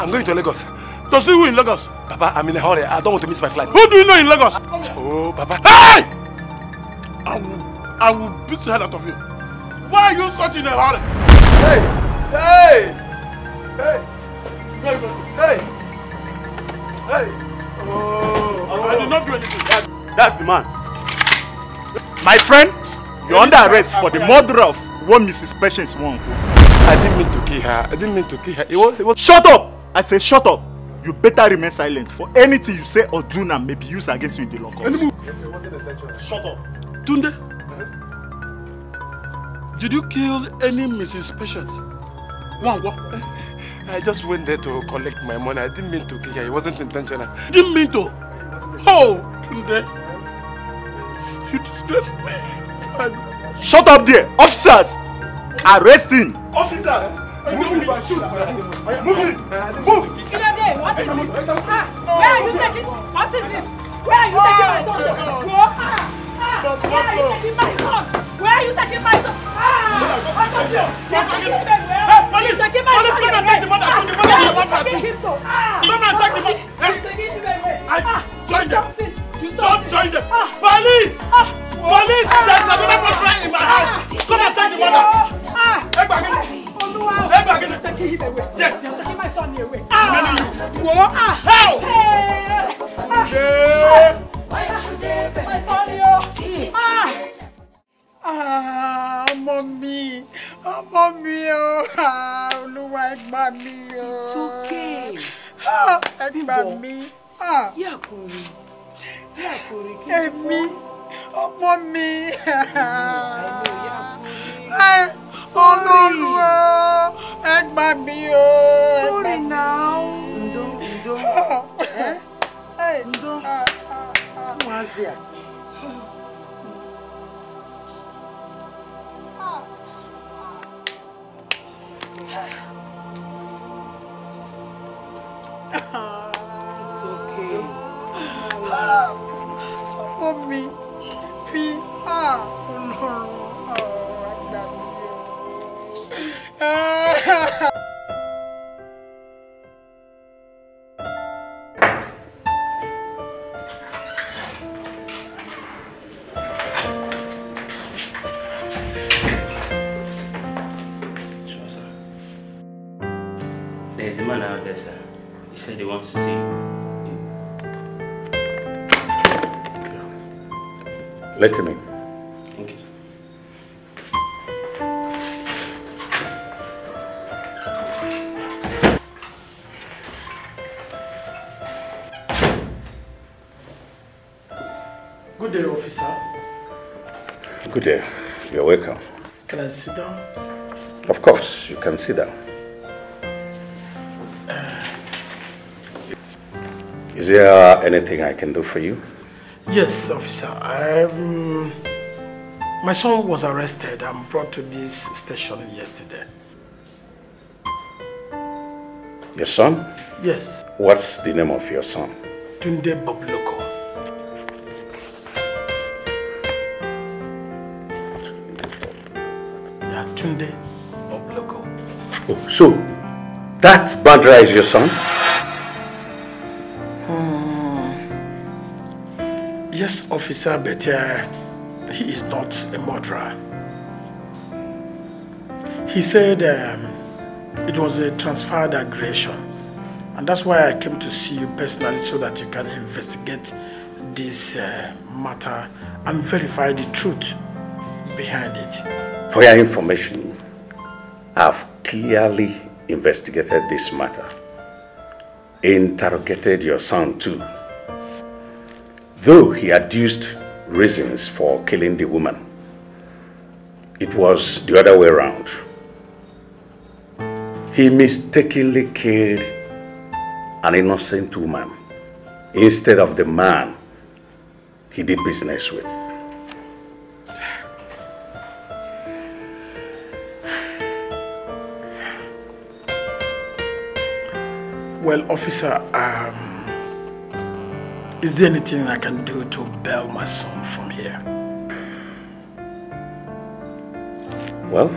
I'm going to Lagos. Does he you in Lagos. Papa, I'm in a hurry. I don't want to miss my flight. Who do you know in Lagos? Oh, Papa. Hey! I will, I will beat the hell out of you. Why are you such in a hurry? Hey! Hey! Hey! Hey! Hey! Oh, oh. I did not do anything. that's the man. My friend, you're under arrest for the murder of one Mrs. Patience Wong. I didn't mean to kill her. I didn't mean to kill her. It was, it was... Shut up! I say shut up. You better remain silent for anything you say or do now may be used against you in the law court. Shut up. Tunde, did you kill any Mrs. Patient? What? I just went there to collect my money. I didn't mean to kill her. It wasn't intentional. Didn't mean to? How, oh, Tunde? You disgrace me. Shut up there. Officers, arrest him. Officers. Move it! Move it! Move! Kílódé, what is it? where are you taking? What is it? Where are you taking my son? Go! where are you taking my son? Where are you taking my son? Ah, what of you? Where are you taking my son? Police, come and take the mother. Ah, the mother is about to. Come and take the mother. Ah, join them. Don't join them. Police! Police! There's another mother in my house. Come and take the mother. Ah, Hey, back in the taking him away. Yes, you're taking my son away. Ah, many you. What? Ah, how? Hey, ah, yeah. My son, ah. Ah, ọmọ mi, ọmọ mi o, Olúwa ẹ It's okay. Ẹ gbà mí. Yà kò yeah. yà kò rí kí n kọ́ sorry. ẹ gbà mí o. sorry now. ǹdó ǹdó ǹdó wọn á ṣe à. It's okay. Mommy, be ah, ah. ah Lord. There's a man out there, sir. He said he wants to see you. Let him in. course, you can sit down. Is there anything I can do for you? Yes, officer. Um, my son was arrested and brought to this station yesterday. Your son? Yes. What's the name of your son? Tunde Bobloko. Tunde. Yeah, Tunde Oh, so, that Bandra is your son? Hmm. Yes, officer, but uh, he is not a murderer. He said um, it was a transferred aggression. And that's why I came to see you personally so that you can investigate this uh, matter and verify the truth behind it. For your information, I've clearly investigated this matter, interrogated your son too. Though he adduced reasons for killing the woman, it was the other way around. He mistakenly killed an innocent woman instead of the man he did business with. Well, officer, um, is there anything I can do to bail my son from here? Well,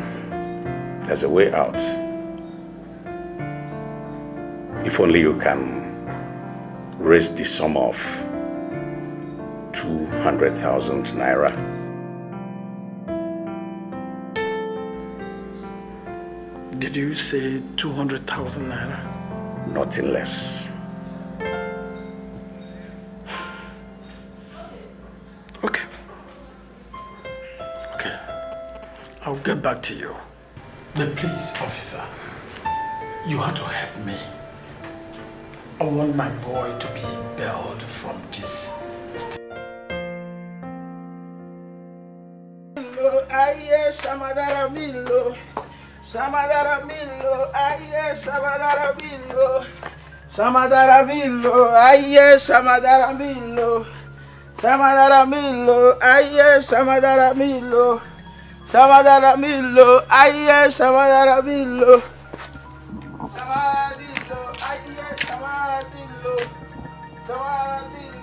there's a way out. If only you can raise the sum of 200,000 naira. Did you say 200,000 naira? nothing less. Okay. Okay. I'll get back to you. But please, officer, you have to help me. I want my boy to be bailed from this state. ayé samadara mi lo. Samadarabillo, ayé Samadarabillo. Samadarabillo, ayé Samadarabillo. Samadarabillo, ayé Samadarabillo. Samadarabillo, ayé Samadarabillo. Samadillo, ayé Samadillo.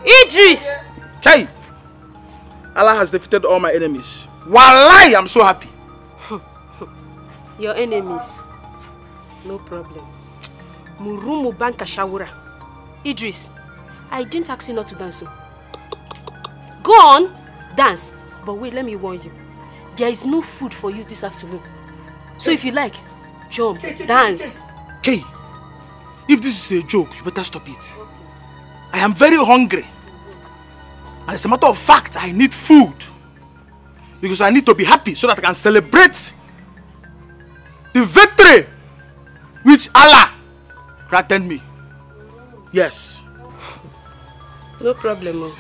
Idris! Hey! Allah has defeated all my enemies. Wallahi, I'm so happy. Your enemies. No problem. Murumu Banka Shawura. Idris, I didn't ask you not to dance. Oh. Go on, dance. But wait, let me warn you. There is no food for you this afternoon. So if you like, jump, dance. Kay. if this is a joke, you better stop it. I am very hungry. And as a matter of fact, I need food. Because I need to be happy so that I can celebrate the victory which Allah granted me. Yes. No problem. Oh.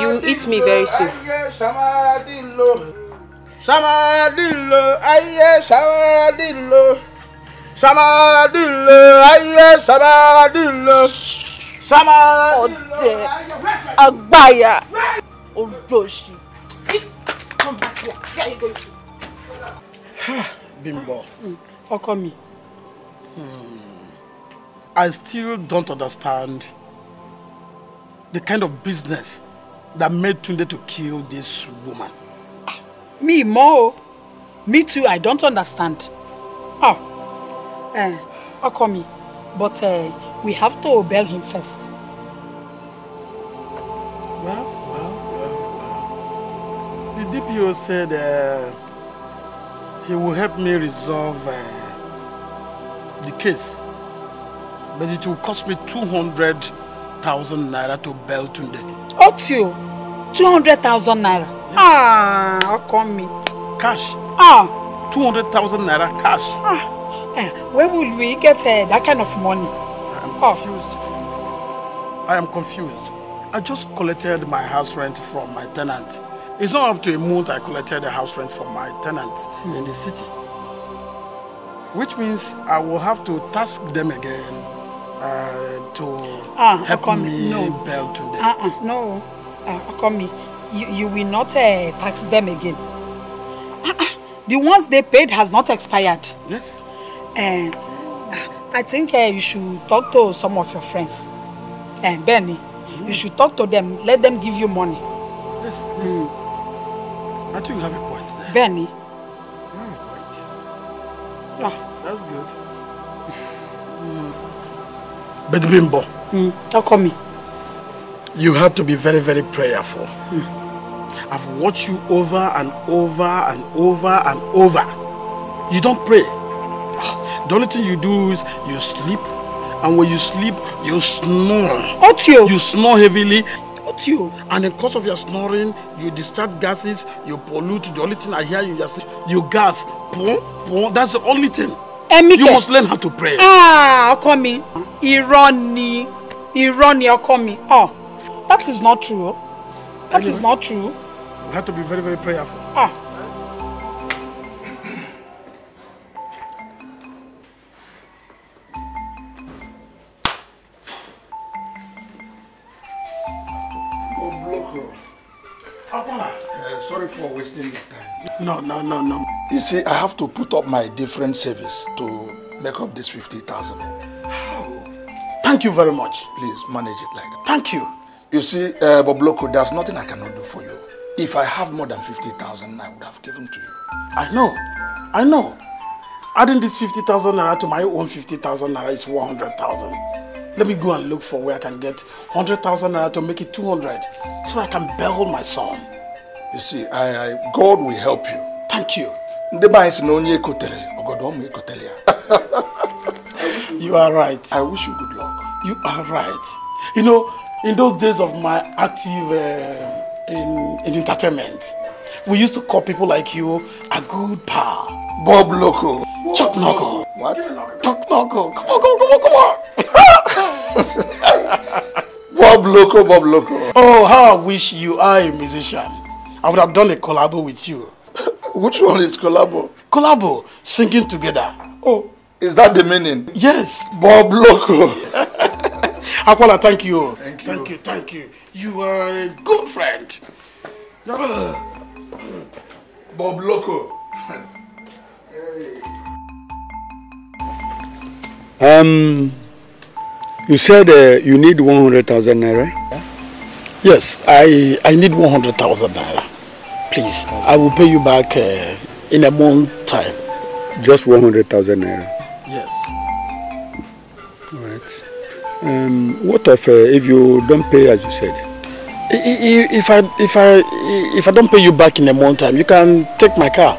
You will eat me very soon. Samaradillo, aye, Samaradillo. Samaradillo, aye, Samaradillo. Samaradillo. dear, àgbáyà, olóṣì. Come back here. Here you go. Bimbo. Ọkọ hmm. I still don't understand the kind of business that made Tunde to kill this woman. Me more. Me too, I don't understand. Oh, Eh, ọkọ but uh, we have to obey him first. Well, well, well, well. The DPO said uh, he will help me resolve uh, the case. But it will cost me 200,000 naira to bail Tunde. Otio, 200,000 naira? Yes. Ah, how come me? Cash. Ah. 200,000 naira cash. Ah. Eh, where will we get uh, that kind of money? I am oh. confused. I am confused. I just collected my house rent from my tenant. It's not up to a month I collected the house rent from my tenants mm. in the city. Which means I will have to task them again uh, to uh, help me no. bail to them. Uh ah, -uh, ah, no, uh, Okomi, you, you will not uh, tax them again. Uh -uh, the ones they paid has not expired. Yes. Uh, I think uh, you should talk to some of your friends. Uh, Benny, mm. you mm-hmm. should talk to them, let them give you money. Yes, yes. Mm. I think you have a point there. Benny. You have hmm, a ah. point. Yeah. That's good. mm. But Bimbo. Mm. How come me? You have to be very, very prayerful. Mm. I've watched you over and over and over and over. You don't pray. The only thing you do is you sleep, and when you sleep, you snore. Otio! You snore heavily, hurt you. And because of your snoring, you discharge gases, you pollute. The only thing I hear you just you gas. boom, boom. That's the only thing. Ẹ̀mí You must learn how to pray. Ah, ọkọ Irony, irony. ni, Oh, that is not true. That anyway, is not true. You have to be very, very prayerful. Ah. sorry for wasting your time. No, no, no, no. You see, I have to put up my different service to make up this 50,000. How? Thank you very much. Please manage it like that. Thank you. You see, uh, Bob there's nothing I cannot do for you. If I have more than 50,000, I would have given to you. I know. I know. Adding this 50,000 naira to my own 50,000 naira is 100,000. Let me go and look for where I can get 100,000 naira to make it 200 so I can bail my son. You see, I, I, God will help you. Thank you. you are right. I wish you good luck. You are right. You know, in those days of my active uh, in, in entertainment, we used to call people like you a good pal. Bob Loco. Chop Chuck Loco. Knuckle. What? Chuck Loco. Come on, come on, come on, come on. Bob Loco, Bob Loco. Oh, how I wish you are a musician. I would have done a collabo with you. Which one is collabo? Collabo, singing together. Oh, is that the meaning? Yes. Bob Loco. Akwala, thank you. Thank you. Thank you, thank you. You are a good friend. Bob Loco. hey. Um, you said uh, you need 100,000 naira? Yes, I, I need 100,000 naira please. I will pay you back uh, in a month time. Just 100,000 naira? Yes. All right. Um, what if uh, if you don't pay as you said? If I, if, I, if I don't pay you back in a month time, you can take my car.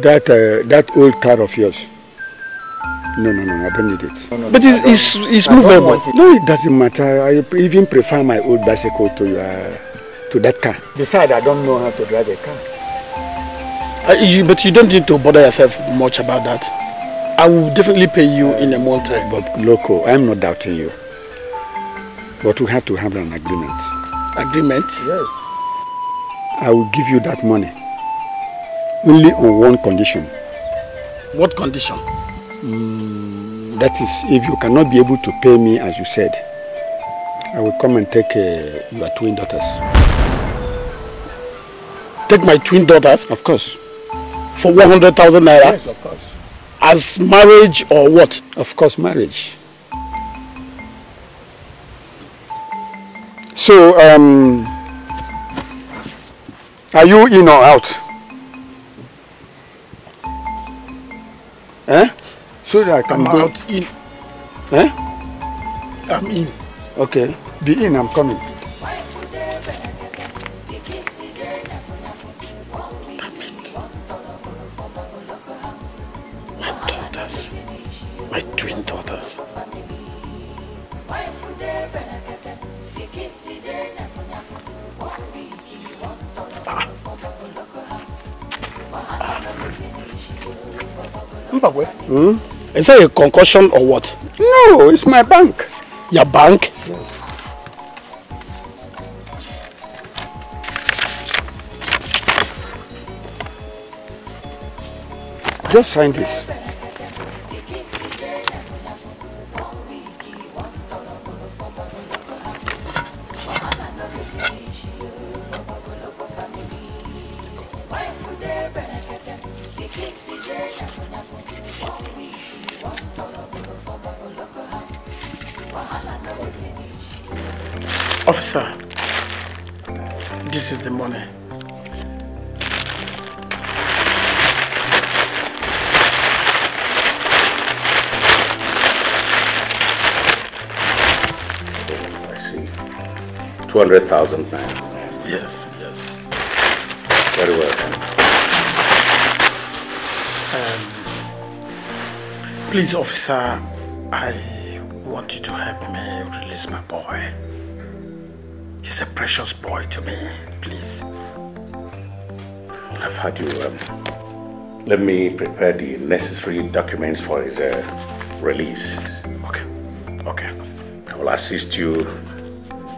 That, uh, that old car of yours? No, no, no, I don't need it. No, no, but it's, it's, it's movable. It. No, it doesn't matter. I even prefer my old bicycle to your to that car. Besides, I don't know how to drive a car. Uh, you, but you don't need to bother yourself much about that. I will definitely pay you in a month time. Uh, but Loco, I'm not doubting you. But we have to have an agreement. Agreement? Yes. I will give you that money. Only on one condition. What condition? Mm, that is, if you cannot be able to pay me as you said, I will come and take uh, your twin daughters take my twin daughters. Of course. For 100,000 naira? Yes, of course. As marriage or what? Of course, marriage. So, um, are you in or out? Eh? So that I can I'm go. out in. Eh? I'm in. Okay. Be in, I'm coming. Zimbabwe. Hmm? Is that a concussion or what? No, it's my bank. Your bank? Yes. Just sign this. 200,000 francs. Yes, yes. Very well. Um, please, officer, I want you to help me release my boy. He's a precious boy to me, please. I've had you. Um, let me prepare the necessary documents for his uh, release. Okay, okay. I will assist you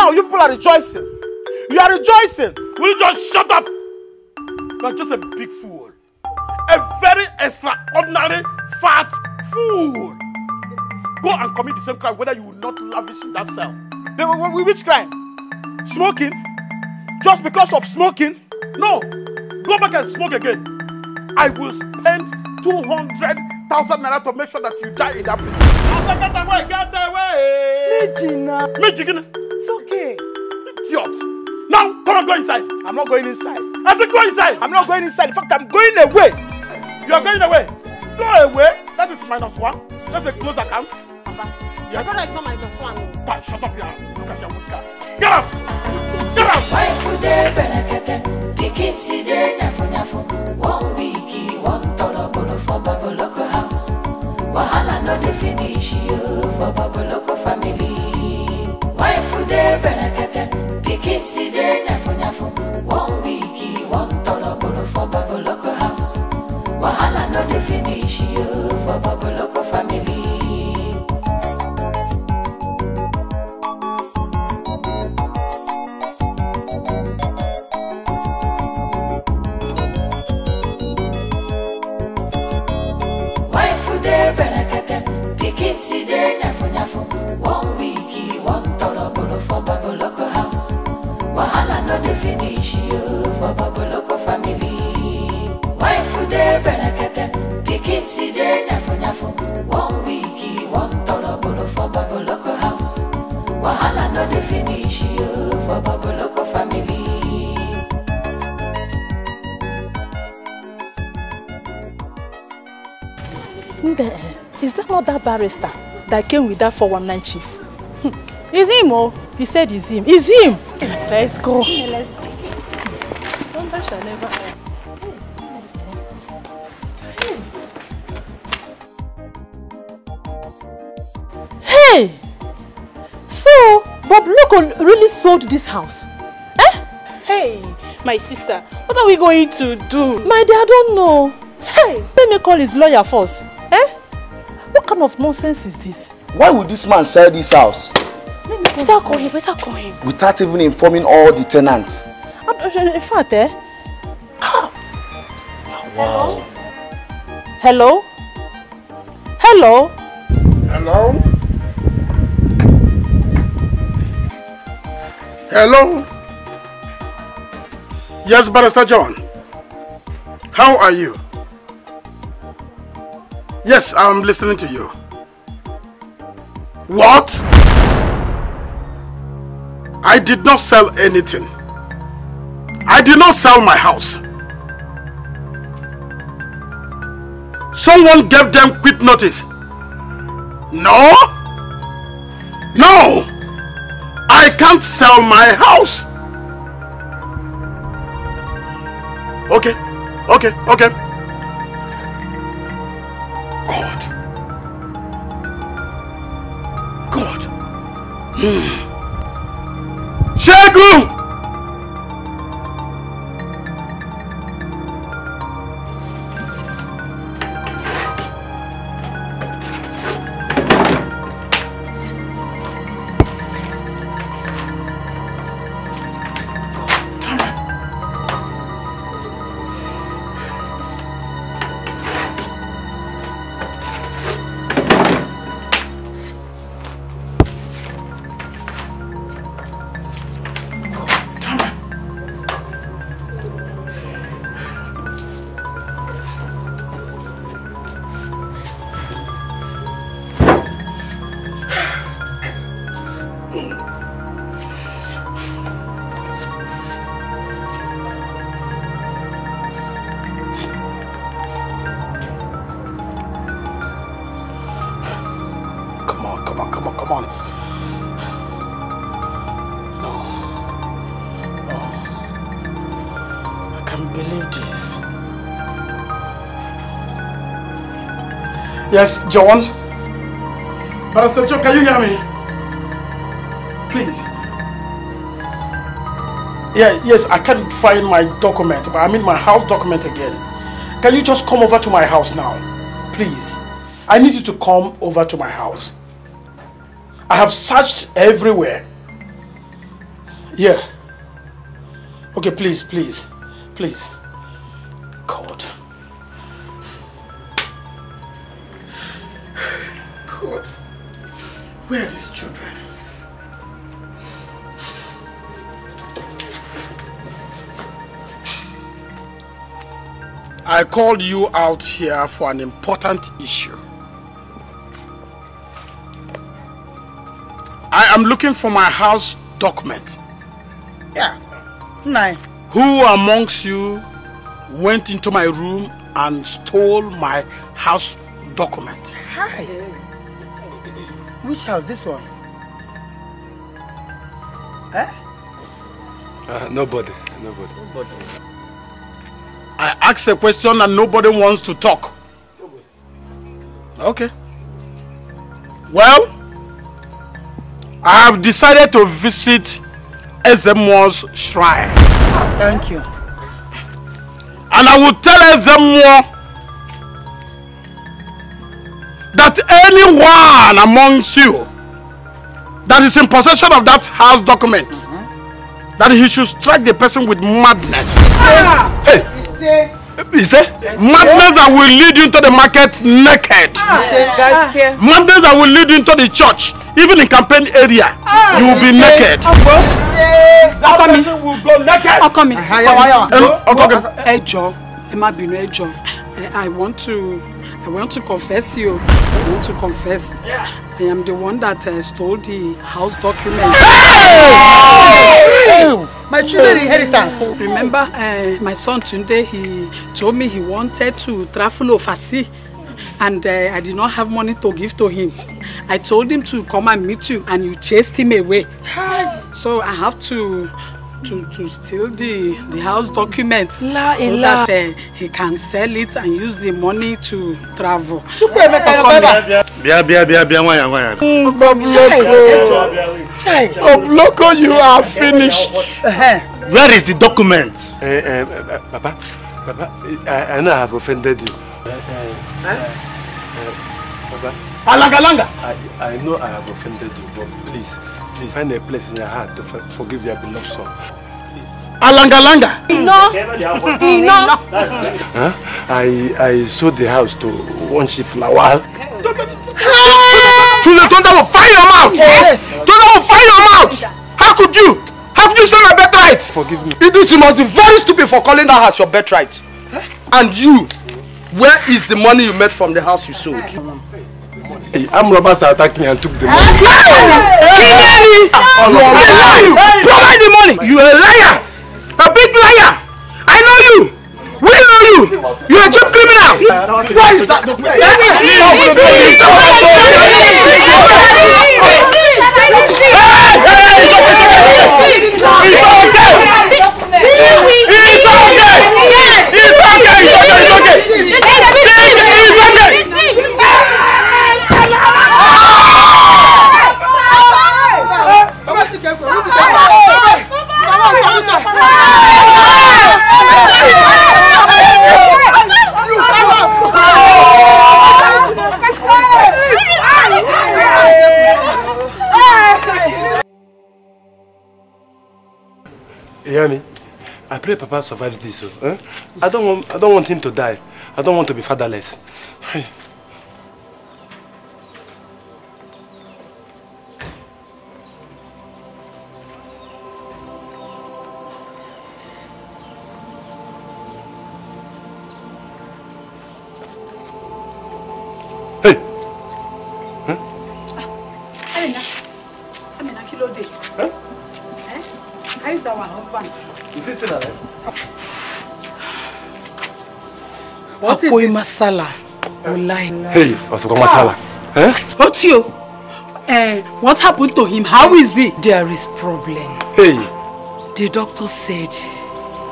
now you people are rejoicing. You are rejoicing. Will you just shut up? You are just a big fool. A very extraordinary fat fool. Go and commit the same crime whether you will not lavish in that cell. Then, which crime? Smoking? Just because of smoking? No. Go back and smoke again. I will spend 200,000 naira to make sure that you die in that prison. Me Gina. Me Gina okay. Idiot. Now, come on, go inside. I'm not going inside. I said, go inside. I'm not going inside. In fact, I'm going away. You are going away. Go away. That is minus one. Just a close account. Papa, yes. your brother is not minus one. Pa, shut up, yeah. Look at your whiskers. Get out. Get out. Why food they benekete? Picking see they nafo One week, one dollar bolo for Baboloko house. Wahala no dey finish oh, you for Baboloko family. Why food wife dey berekete pikin si dey nyafu nyafu one week one tolobolo for babaloko house wahala no dey finish you for babaloko family no for baboloko house wahala no dey finish you for baboloko family waifu dey berekete pikin si dey nyafunyafu one week one torobolo for baboloko house wahala no dey finish you for baboloko family. Is that not that barrister that came with that 419 chief? Is him, oh. He said it's him. It's him. Let's go. let's go. never Hey! So, Bob Loco really sold this house? Eh? Hey, my sister, what are we going to do? My dear, I don't know. Hey, let me call his lawyer first. Eh? What kind of nonsense is this? Why would this man sell this house? Without calling, him, better him. Without even informing all the tenants. Uh, uh, in fact, eh? Ah. Wow. Hello? Hello? Hello? Hello? Yes, Barrister John. How are you? Yes, I'm listening to you. What? I did not sell anything. I did not sell my house. Someone gave them quit notice. No! No! I can't sell my house! Okay, okay, okay. God. God. Hmm bedroom John? Barrister John, can you hear me? Please. Yeah, yes, I can't find my document, but I'm in my house document again. Can you just come over to my house now? Please. I need you to come over to my house. I have searched everywhere. Yeah. Okay, please, please, please. Where are these children? I called you out here for an important issue. I am looking for my house document. Yeah. Nine. Who amongst you went into my room and stole my house document? Hi. Which house? This one? Eh? Uh, nobody. Nobody. Nobody. I asked a question and nobody wants to talk. Okay. Well, I have decided to visit Ezemo's shrine. Thank you. And I will tell Ezemo that anyone amongst you that is in possession of that house document, mm -hmm. that he should strike the person with madness. Ah. Hey. He said, madness that will lead you into the market naked. Ah. Madness that will lead you into the church, even in campaign area, ah. you will be naked. That person will go naked. Eh, I want to I want to confess you. I want to confess. Yeah. I am the one that uh, stole the house document. Hey! My children inheritance. Remember, uh, my son Tunde, he told me he wanted to travel overseas and uh, I did not have money to give to him. I told him to come and meet you and you chased him away. Hi. So I have to to to steal the the house documents la, so that uh, he can sell it and use the money to travel. Chukwu Emeka lọ bẹ́ẹ̀ bia bia bia bia nwaya nwaya. Obloko Obloko you are finished. Where is the document? Uh, eh, uh, eh, Baba Baba I, I know I have offended you. Uh, uh, uh, Baba. Alangalanga. I, I know I have offended you but please. Please find a place in your heart to forgive your beloved son. Please. Alanga langa. No. No. Huh? I I sold the house to one chief Lawal. To the thunder will fire your mouth. Yes. Thunder will fire your mouth. How could you? How could you sell my birthright? Forgive me. Idris, you must be very stupid for calling that house your birthright. Huh? And you, where is the money you made from the house you sold? Hey, Amrobas attacked me and took the money. Kinyani! You are a liar! Provide the money! You are a liar! A big liar! I know you! We know you! You are a cheap criminal! Why is that? It's okay! It's okay! It's okay! It's okay! It's okay! It's okay! pray Papa survives this. Huh? Oh, eh? I, don't want, I don't want him to die. I don't want to be fatherless. akwai masala, wallahi hey wasu masala, matsala ah. eh otio eh what happened to him how is he there is problem hey the doctor said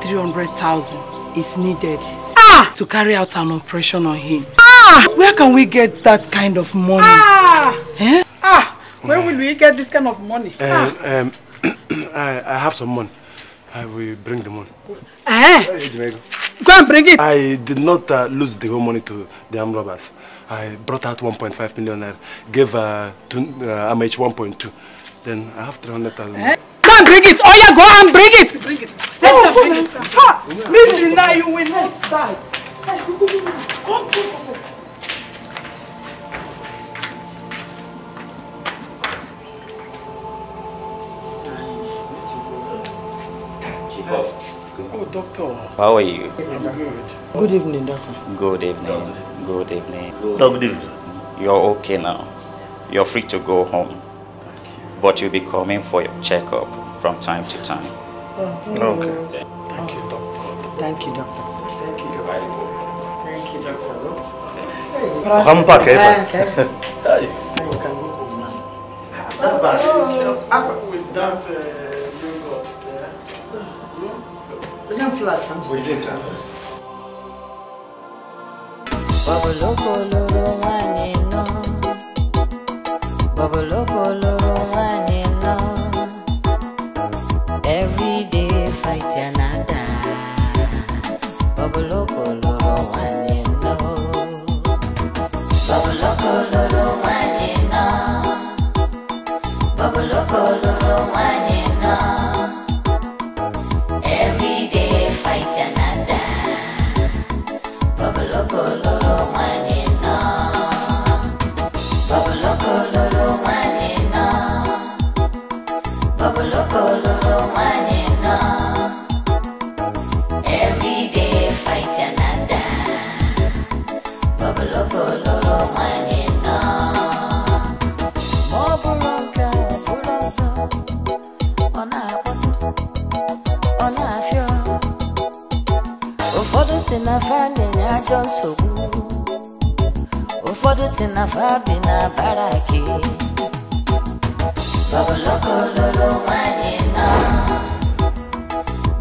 300,000 is needed ah to carry out an operation on him ah where can we get that kind of money ah eh? ah where will we get this kind of money uh, ah. um I, I have some money I will bring the money eh Go and bring it. I did not uh, lose the whole money to the armed robbers. I brought out 1.5 million I gave uh, to uh, MH 1.2. Then I have 300,000. Eh? Go and bring it. Oh yeah, go and bring it. Bring it. Let's oh, bring it. Pat, Mijina, you will not die. Eh? doctor. How are you? I'm good. Good evening, doctor. Good evening. Good evening. Good evening. You're okay now. You're free to go home. You. But you'll be coming for your checkup from time to time. Okay. Thank you, doctor. Thank you, doctor. Thank you. doctor. Thank you, doctor. Come back, Eva. Hey. You can go home William Flowers. William Flowers. Bàbá ajọ nsogbu ụfọdụ si na fa na baraki baboloko lụrụ nwanyị nọ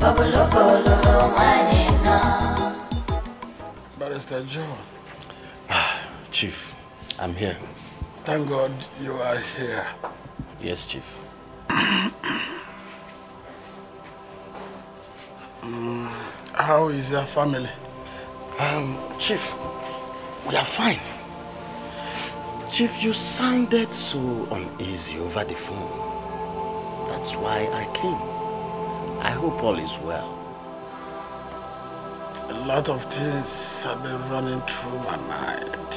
baboloko lụrụ nwanyị nọ Barrister John. Ah, Chief, I'm here. Thank God you are here. Yes, Chief. Mm, how is your family? Um, Chief, we are fine. Chief, you sounded so uneasy over the phone. That's why I came. I hope all is well. A lot of things have been running through my mind.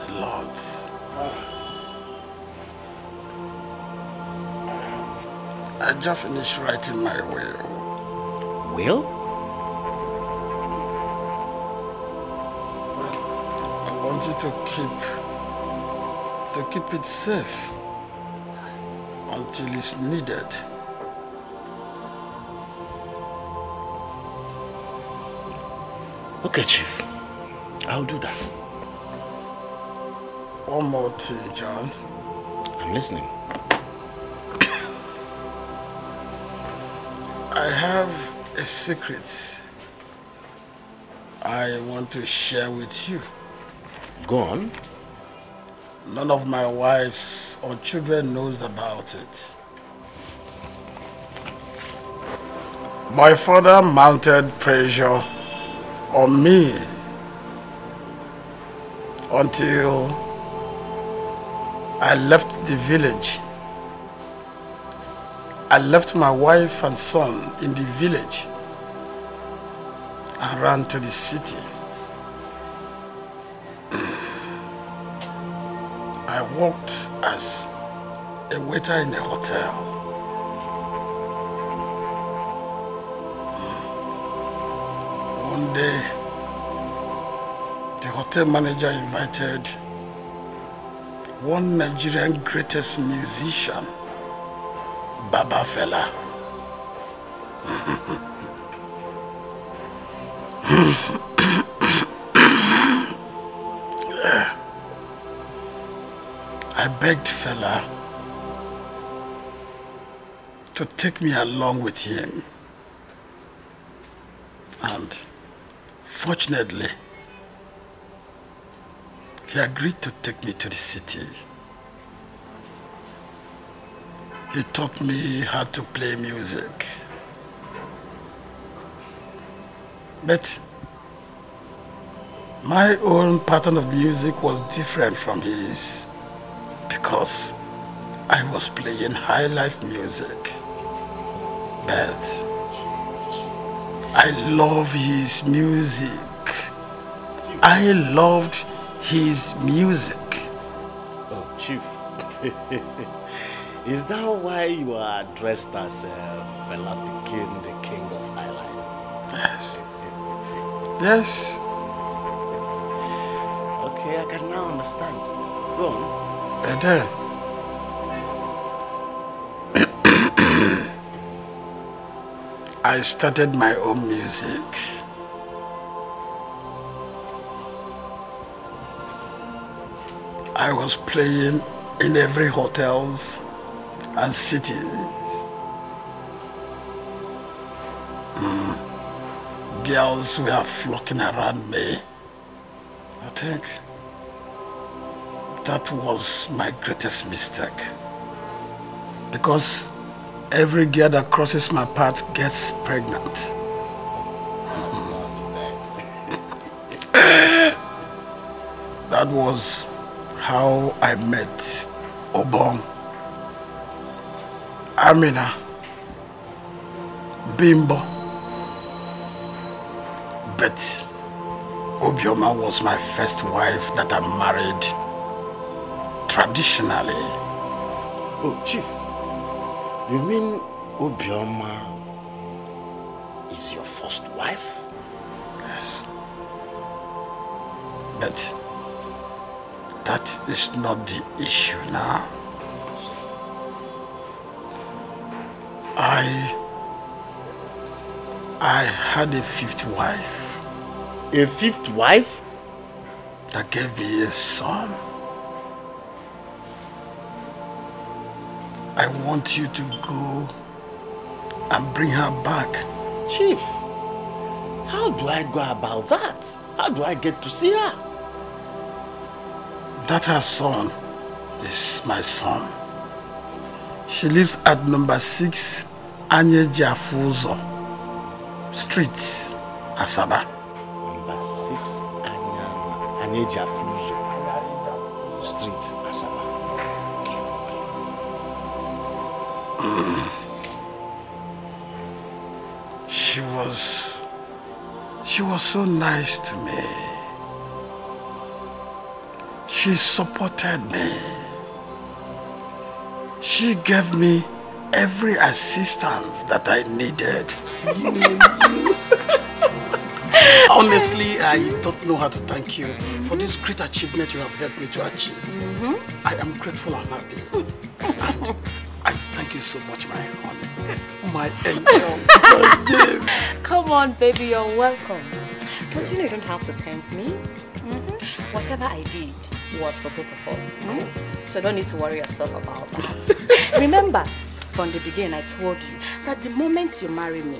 A lot. I just finished writing my will. Will? wanted to keep, to keep it safe until it's needed. Okay, Chief. I'll do that. One more thing, John. I'm listening. I have a secret I want to share with you gone, none of my wives or children knows about it. My father mounted pressure on me until I left the village. I left my wife and son in the village and ran to the city. I worked as a waiter in a hotel. Hmm. One day, the hotel manager invited one Nigerian greatest musician, Baba Fela. I begged fella to take me along with him. And fortunately, he agreed to take me to the city. He taught me how to play music. But my own pattern of music was different from his because I was playing high life music. But I love his music. I loved his music. Oh, Chief. Is that why you are dressed as uh, Fela the king of high life? Yes. yes. Okay, I can now understand. Go on. And then I started my own music. I was playing in every hotels and cities. Mm. Girls were flocking around me. I think that was my greatest mistake. Because every girl that crosses my path gets pregnant. that was how I met Obong. Amina. Bimbo. But Obioma was my first wife that I married traditionally. Oh, Chief, you mean Obioma is your first wife? Yes. But that is not the issue now. I... I had a fifth wife. A fifth wife? That gave me a son. I want you to go and bring her back. Chief, how do I go about that? How do I get to see her? That her son is my son. She lives at number 6 Anye Jafuzo Street, Asaba. Number 6 Anye Jafuzo. She was so nice to me. She supported me. She gave me every assistance that I needed. Honestly, I don't know how to thank you for this great achievement you have helped me to achieve. Mm -hmm. I am grateful and happy. and you so much, my honey. My angel. Come on, baby, you're welcome. Don't you know you don't have to thank me? Mm -hmm. Whatever I did was for both of us. Mm -hmm. So don't need to worry yourself about that. Remember, from the beginning, I told you that the moment you marry me,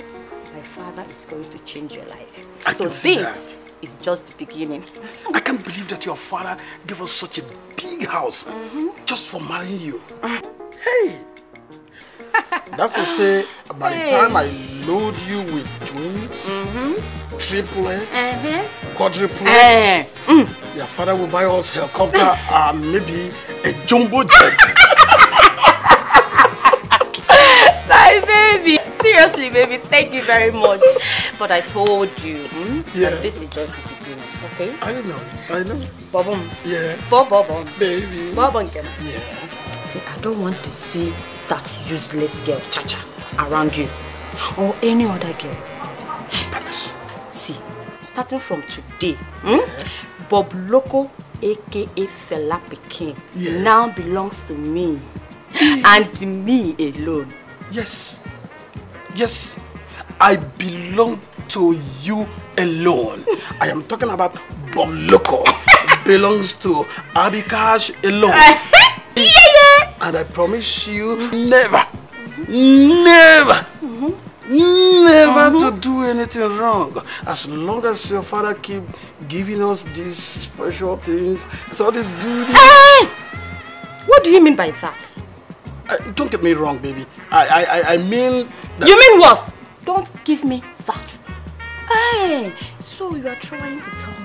my father is going to change your life. I so this is just the beginning. I can't believe that your father gave us such a big house mm -hmm. just for marrying you. Hey! That's to say, by hey. the time I load you with twins, mm -hmm. triplets, mm-hmm. quadruplets, eh, mm. your father will buy us helicopter and maybe a jumbo jet. My baby. Seriously, baby, thank you very much. but I told you hmm, yeah. that this is just the beginning, okay? I know, I know. Bobum. Yeah. Bobum. Baby. Bobum. Yeah. See, I don't want to see that useless girl, Chacha, around you or any other girl. See, starting from today, hmm? Bob Loco, aka Fela Pekin, yes. now belongs to me and me alone. Yes. Yes. I belong to you alone. I am talking about Bob Loco. belongs to Abikash alone. yeah. And I promise you never, never, never mm -hmm. to uh-huh. do anything wrong. As long as your father keep giving us these special things, it's all this good. Hey! What do you mean by that? don't get me wrong, baby. I, I, I, I mean... You mean what? Don't give me that. Hey, so you are trying to tell me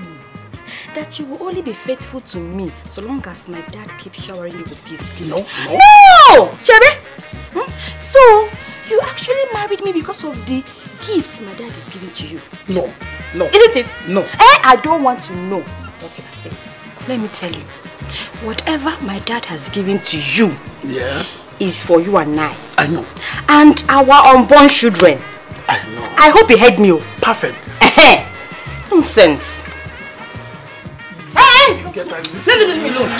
that you will only be faithful to me so long as my dad keeps showering you with gifts. No, no. No! Chebe! Hmm? So, you actually married me because of the gifts my dad is giving to you? No, no. Isn't it? No. Eh, I don't want to know what you are saying. Let me tell you, whatever my dad has given to you yeah. is for you and I. I know. And our unborn children. I know. I hope you heard me. Perfect. Nonsense. Hey! Leave me alone.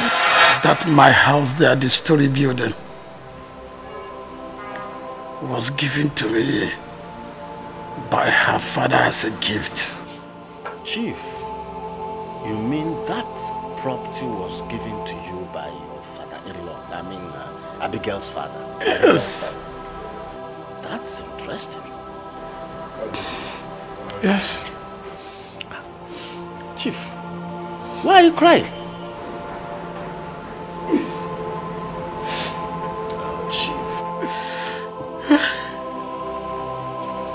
That my house there, the story building, was given to me by her father as a gift. Chief, you mean that property was given to you by your father-in-law, I mean uh, Abigail's father? Yes. Abigail's father. That's interesting. Yes. Chief, why are you crying?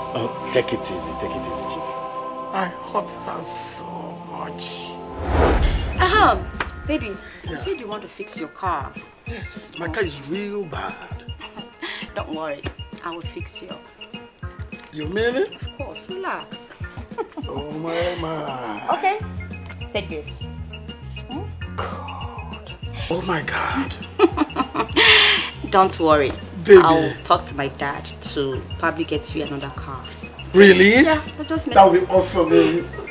Oh, oh, take it easy, take it easy, Chief. I hurt her so much. Ahem, baby, yeah. you said you want to fix your car. Yes, my oh. car is real bad. Don't worry, I will fix you. You mean it? Of course, relax. oh my, my. Okay, take this god. Oh my god. Don't worry. Baby. I'll talk to my dad to probably get you another car. Really? Yeah, that'll just That would be awesome.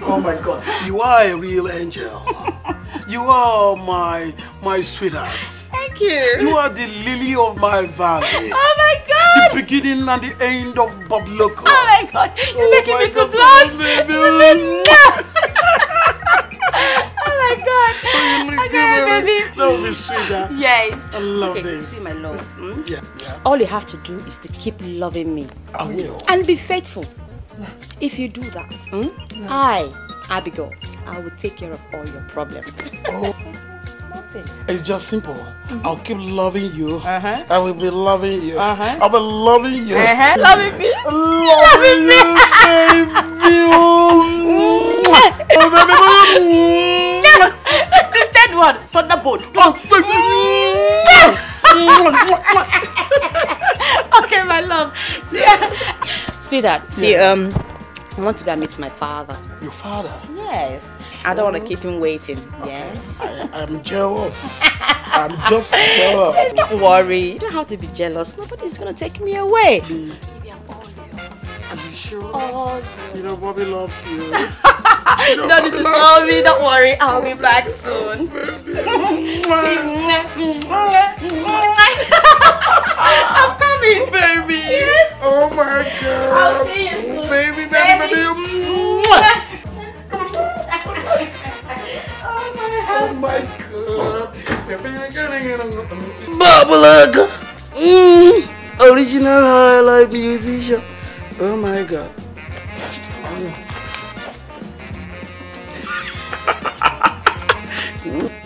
oh my god. You are a real angel. you are my my sweetheart. Thank you. You are the lily of my valley. Oh my god! The beginning and the end of Bob Loco. Oh my god! You're oh making me to blush! my god. it, baby. Love me, be Yes. I love okay, this. See, my love. Hmm? Yeah, yeah. All you have to do is to keep loving me. I will. And be faithful. If you do that, hmm? yes. I, Abigail, I will take care of all your problems. Oh. It's just simple. Mm -hmm. I'll keep loving you. Uh -huh. I will be loving you. Uh -huh. I'll be loving you. Uh -huh. Loving me. Loving, loving you, baby. oh, baby the third one, thunderbolt. okay, my love. See, Sweetheart, see, um, I want to go meet my father. Your father? Yes. I don't want to oh. keep him waiting. Okay. Yes. I, am jealous. I'm just jealous. Don't worry. You don't have to be jealous. Nobody's going to take me away. Mm sure. Oh, You know, Bobby loves you. you don't need to tell you. me, don't worry, I'll be back soon. I'm coming. Baby. Yes. Oh my god. I'll see you soon. Baby, baby, baby. baby. Come on. oh my god. Oh my god. Bubble mm. Original highlight musician. Oh my god. Oh.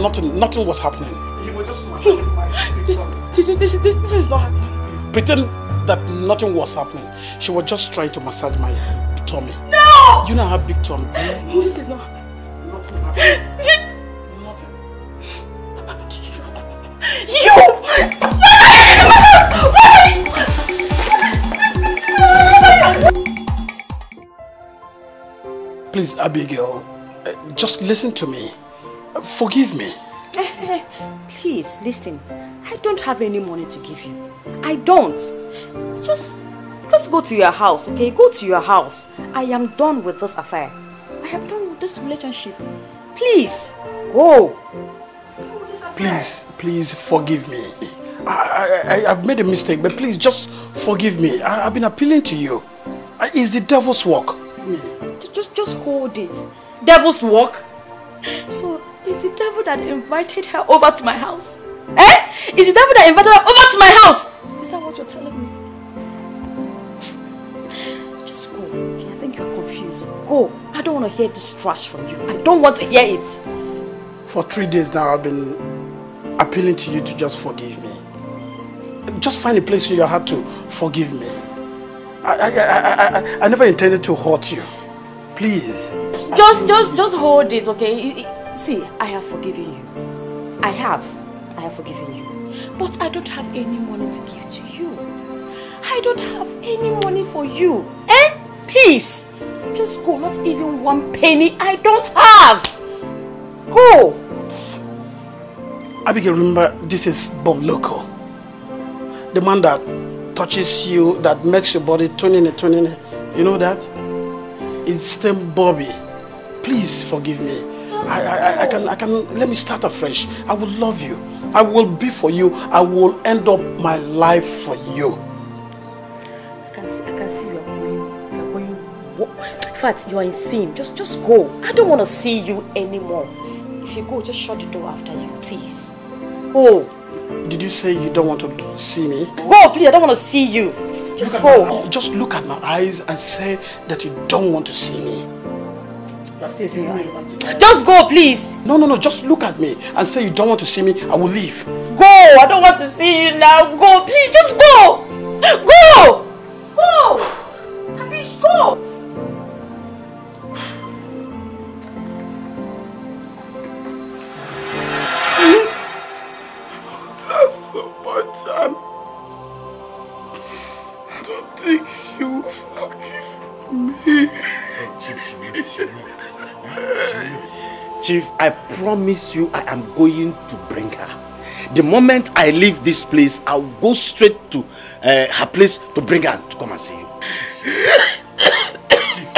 nothing, nothing was happening. You were just massaging my victim. This, this, this is not happening. Pretend that nothing was happening. She was just trying to massage my tummy. No! You know how big tummy is. This is not happening. Nothing happened. nothing. You! Please, Abigail, eh, just listen to me. Forgive me. Eh, eh, please, listen. I don't have any money to give you. I don't. Just, just go to your house, okay? Go to your house. I am done with this affair. I am done with this relationship. Please, go. Please, please forgive me. I, I, I've made a mistake, but please just forgive me. I, I've been appealing to you. It's the devil's work. Just, just hold it. Devil's work? So it's the devil that invited her over to my house. Eh? It's the devil that invited her over to my house. Is that what you're telling me? Just go. I think you're confused. Go. I don't want to hear this trash from you. I don't want to hear it. For three days now, I've been appealing to you to just forgive me. Just find a place in your heart to forgive me. I, I, I, I, I never intended to hurt you please. Just, just, just hold it, okay? See, I have forgiven you. I have. I have forgiven you. But I don't have any money to give to you. I don't have any money for you. Eh? Please. Just go. Not even one penny I don't have. Go. Abigail, remember, this is Bob Loco. The man that touches you, that makes your body turn in, turn in. You know that? It's still Bobby. Please forgive me. I, I, I, can, I can, let me start afresh. I will love you. I will be for you. I will end up my life for you. I can see, I can see you are going, you are going, what? in fact, you are insane. Just, just go. I don't want to see you anymore. If you go, just shut the door after you, please. Go. Did you say you don't want to see me? Go, please. I don't want to see you. Just look go. just look at my eyes and say that you don't want to see me. Just go, please. No, no, no. Just look at me and say you don't want to see me. I will leave. Go. I don't want to see you now. Go, please. Just go. Go. Go. Tabish, go. chief, I promise you I am going to bring her. The moment I leave this place, I'll go straight to uh, her place to bring her to come and see you. chief.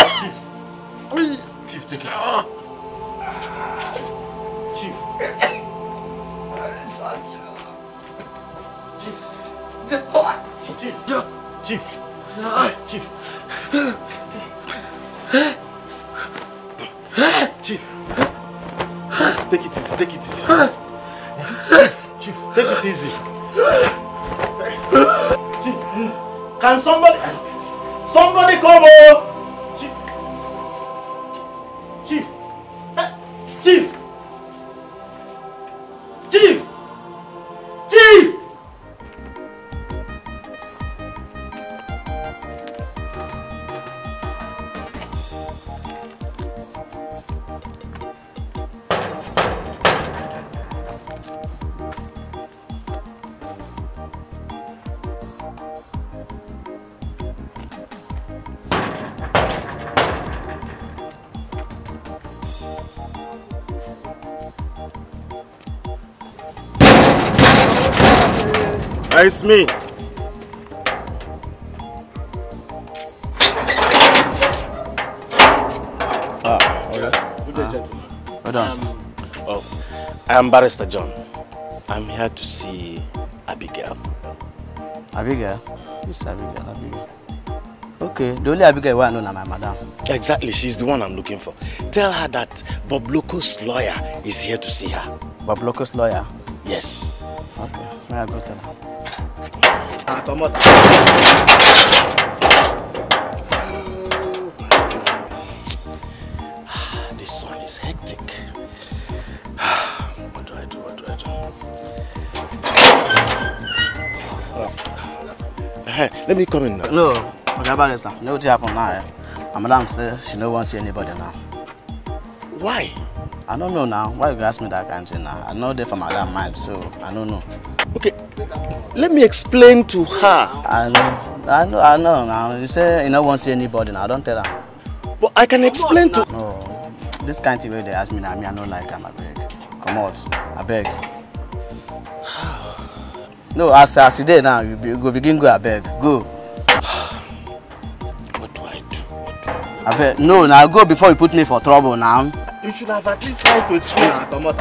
Chief. Chief, take it. Chief. Chief. Chief. Chief. Chief. Chief. Chief. chief. Chief, take it easy, take it easy. Chief, Chief, take it easy. Chief, can somebody, somebody come over? Chief, Chief, Chief, Chief. Chief. It's me. Ah, okay. Good day, ah. gentlemen. Well done, um, Oh, I am Barrister John. I'm here to see Abigail. Abigail? Who's Abigail, Abigail. Okay, the only Abigail I know is my madam. Exactly, she's the one I'm looking for. Tell her that Bob Loco's lawyer is here to see her. Bob Loco's lawyer? Yes. Okay, may I go tell her? Ah, àtọmọta. This sun is hectic. What do I do? What do I do? Hey, let me come in now. No, Oga Barrister, you No what happened now? Eh? Madam says she no want see anybody now. Why? I don't know now. Why you ask me that kind of thing now? I know they for Madam mind, so I don't know. Let me explain to her. I know, I know, I know. Now you say you no wan see anybody. Now don't tell her. But I can explain to. No, this kind of way they ask me now, me I no like I beg, come out. I beg. No, as as today now, you be, go begin go abeg. Go. What do I do? I beg. no, now go before you put me for trouble now. You should have at least tried to explain. Come out.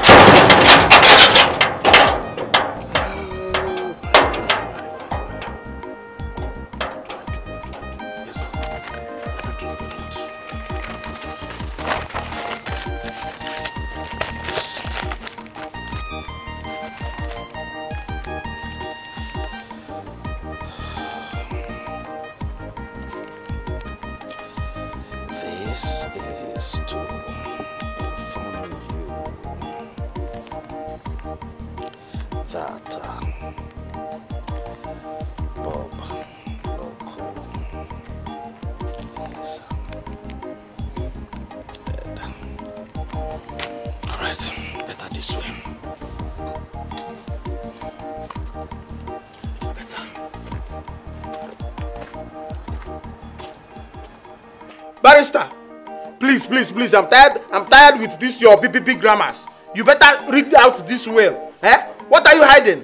please, please, I'm tired. I'm tired with this your PPP grammars. You better read out this well. Eh? What are you hiding?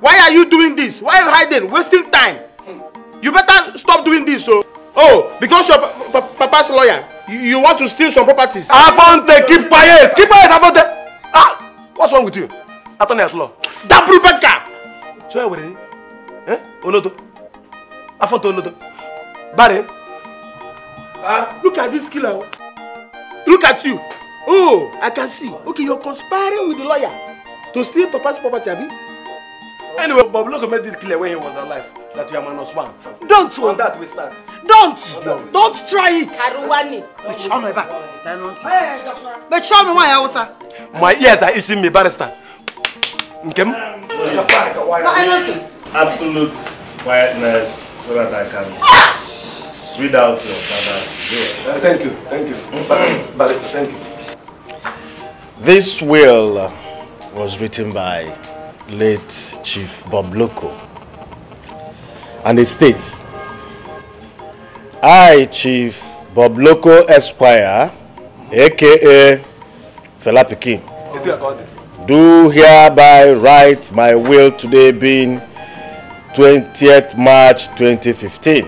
Why are you doing this? Why are you hiding? Wasting time. You better stop doing this. So. Oh. oh, because you're Papa's lawyer, you, you want to steal some properties. Avante, keep quiet. Keep quiet, Avante. Ah, what's wrong with you? Attorney at law. That Rebecca. So, where Eh? Olodo. Avante Olodo. Barry. Ah, look at this killer. Oh. Look at you. Oh, I can see. Okay, you're conspiring with the lawyer to steal Papa's property, Abi. Anyway, Bob Loco made it clear when he was alive that you are minus one. Don't! On that we stand. Don't! Don't, don't try it! Karuwani. Betray me back. show me, why, Hausa? My ears are itching me, barrister. Nkem? Absolute quietness so that I can. Ah! out your Father's will. Thank you, thank you. Mm-hmm. Barrister, thank you. This will was written by late Chief Bob Loco. And it states, I, Chief Bob Loco Esquire, aka Felapiki, do hereby write my will today being 20th March 2015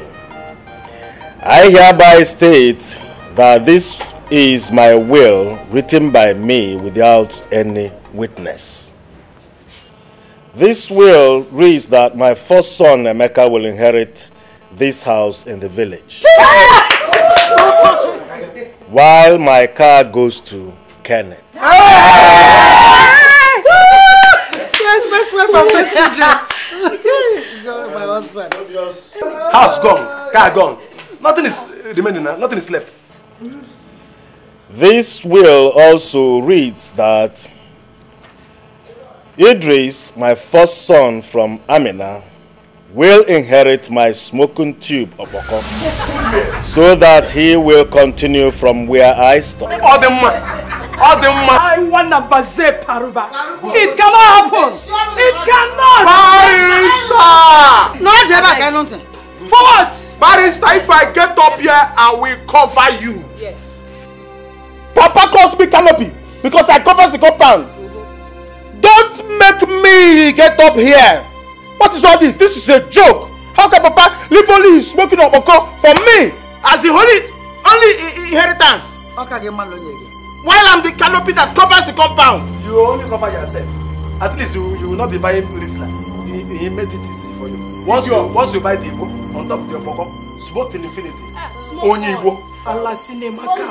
I hereby state that this is my will written by me without any witness. This will reads that my first son, Emeka, will inherit this house in the village. while my car goes to Kenneth. yes, best way for best children. House gone, car gone. Nothing is remaining now. Nothing is left. This will also reads that Idris, my first son from Amina, will inherit my smoking tube of Oko, so that he will continue from where I stop. All the man, all the man. I want a baze paruba. It cannot happen. It cannot. Barista. No, Jeba, I don't. For what? Barrister, if I get up here, I will cover you. Yes. Papa calls me canopy because I cover the compound. Mm-hmm. Don't make me get up here. What is all this? This is a joke. How can Papa leave only his smoking of Oko for me as the only only inheritance? While I'm the canopy that covers the compound. You only cover yourself. At least you, you will not be buying Rizla. He, he made it easy. for you. Once you once you buy the Igbo on top of your boko, smoke till infinity. Ah, only Igbo. Allah sinemaka.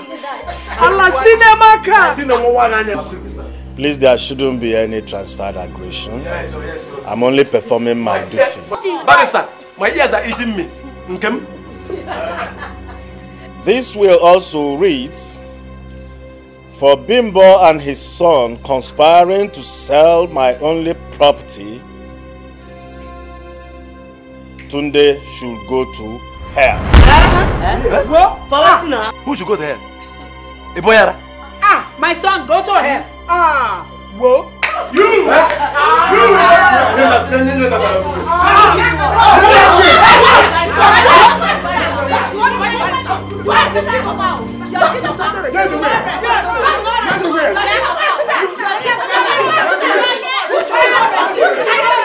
Allah cinema Sinemaka. Please, there shouldn't be any transferred aggression. Yes, sir, oh, yes, sir. Oh. I'm only performing my duty. Barrister, my ears are itching me. Okay. This will also read For Bimbo and his son conspiring to sell my only property Tunde should go to hell. Go, Falatina. Who should go to hell? Iboyara. Ah, my son, go to hell. Ah, eh? Eh? Eh? Who? You! You! What is that about? You're getting a father. Get away! Get away! Get away!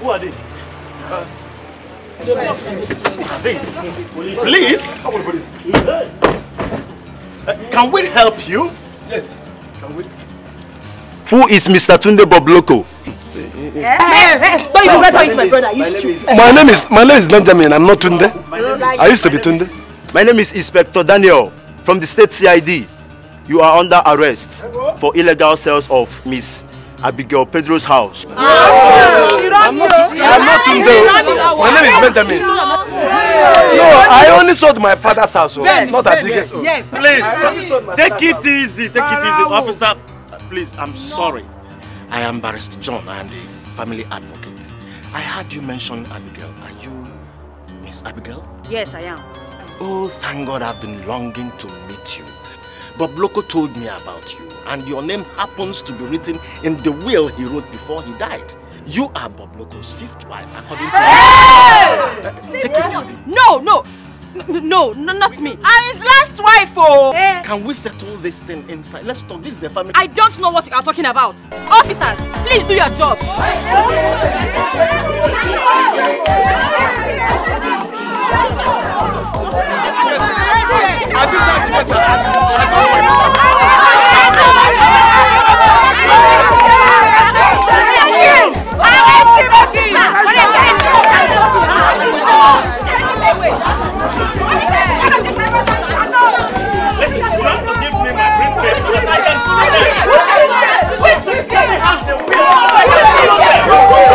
Who are they? Huh? This. Please. Uh, can we help you? Yes. Can we? Who is Mr. Tunde Bobloko? Eh, eh, eh. Hey, don't even better with my brother. name, is, my name is my name is Benjamin. I'm not Tunde. I used to be Tunde. My name is Inspector Daniel from the state CID. You are under arrest for illegal sales of Miss Abigail Pedro's house. I'm not My name is Benjamin. No, I only sold my father's house, oh. yes, not Abigail's. Yes, please, take it easy, take it easy, officer. Please, I'm sorry. I am Barrister John. I am the family advocate. I heard you mention Abigail. Are you Miss Abigail? Yes, I am. Oh, thank God I've been longing to meet you. But Bloko told me about you and your name happens to be written in the will he wrote before he died. You are Bob Loco's fifth wife, according to... Hey! Uh, take it easy. No, no. No, no, not me. I'm his last wife, oh! Can we settle this thing inside? Let's talk. This is a family... I don't know what you are talking about. Officers, please do your job. Hallelujah.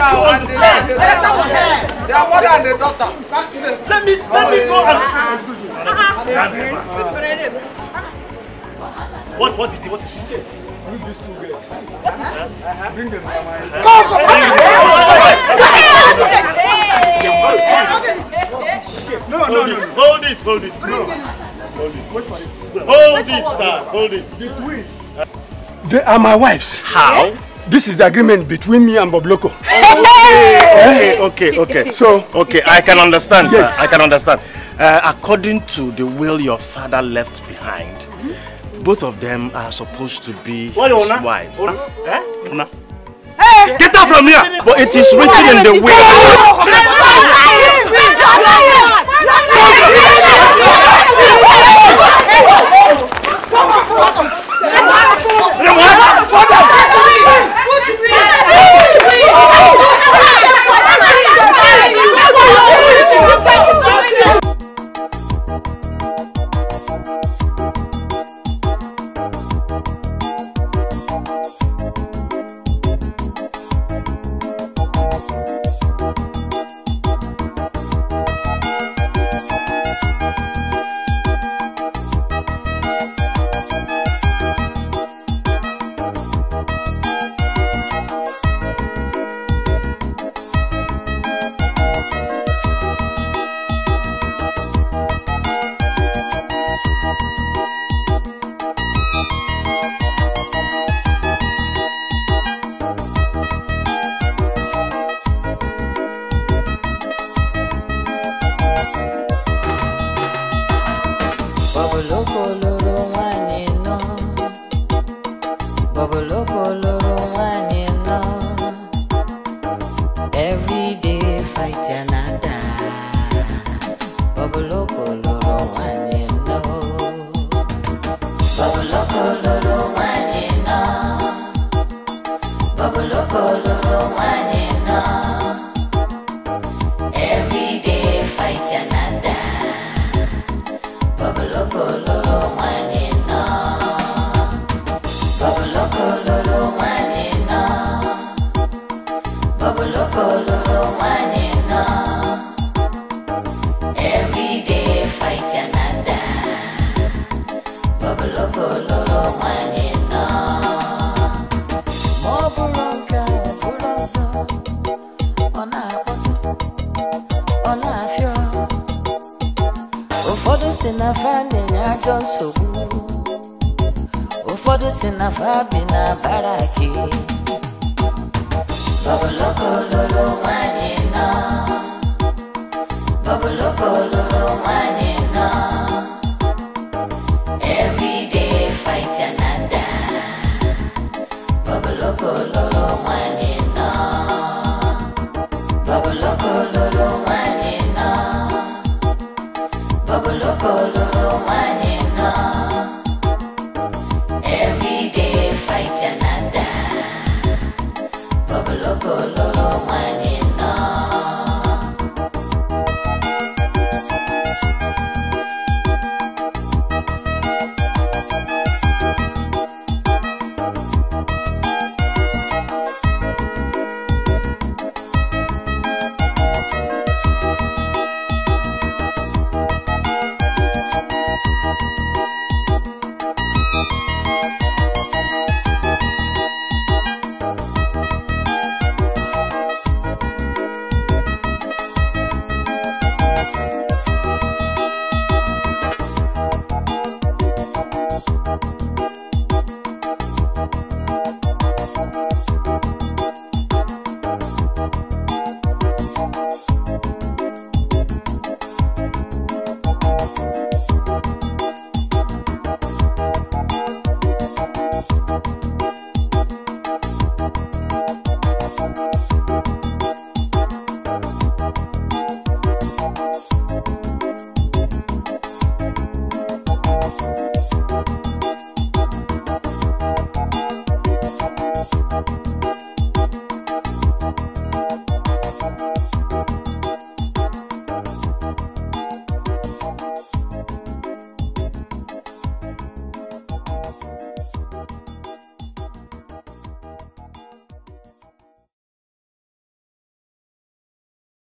mother and the daughter. Let me, let me go and... What, what is it? What is she Bring these two girls. Bring them. No, no, no. Hold it, hold it. Bring no. Hold it. it. Hold it, sir. Hold it. The twins. They are my wives. How? Yeah? This is the agreement between me and Bobloko. okay, okay, okay. So, okay, I can understand, yes. sir. I can understand. Uh, according to the will your father left behind, mm -hmm. both of them are supposed to be what, his Ona? wife. Ona? Eh? Ona? Hey. Eh! Get out from here! But it is written in the will. want to win. I want to win.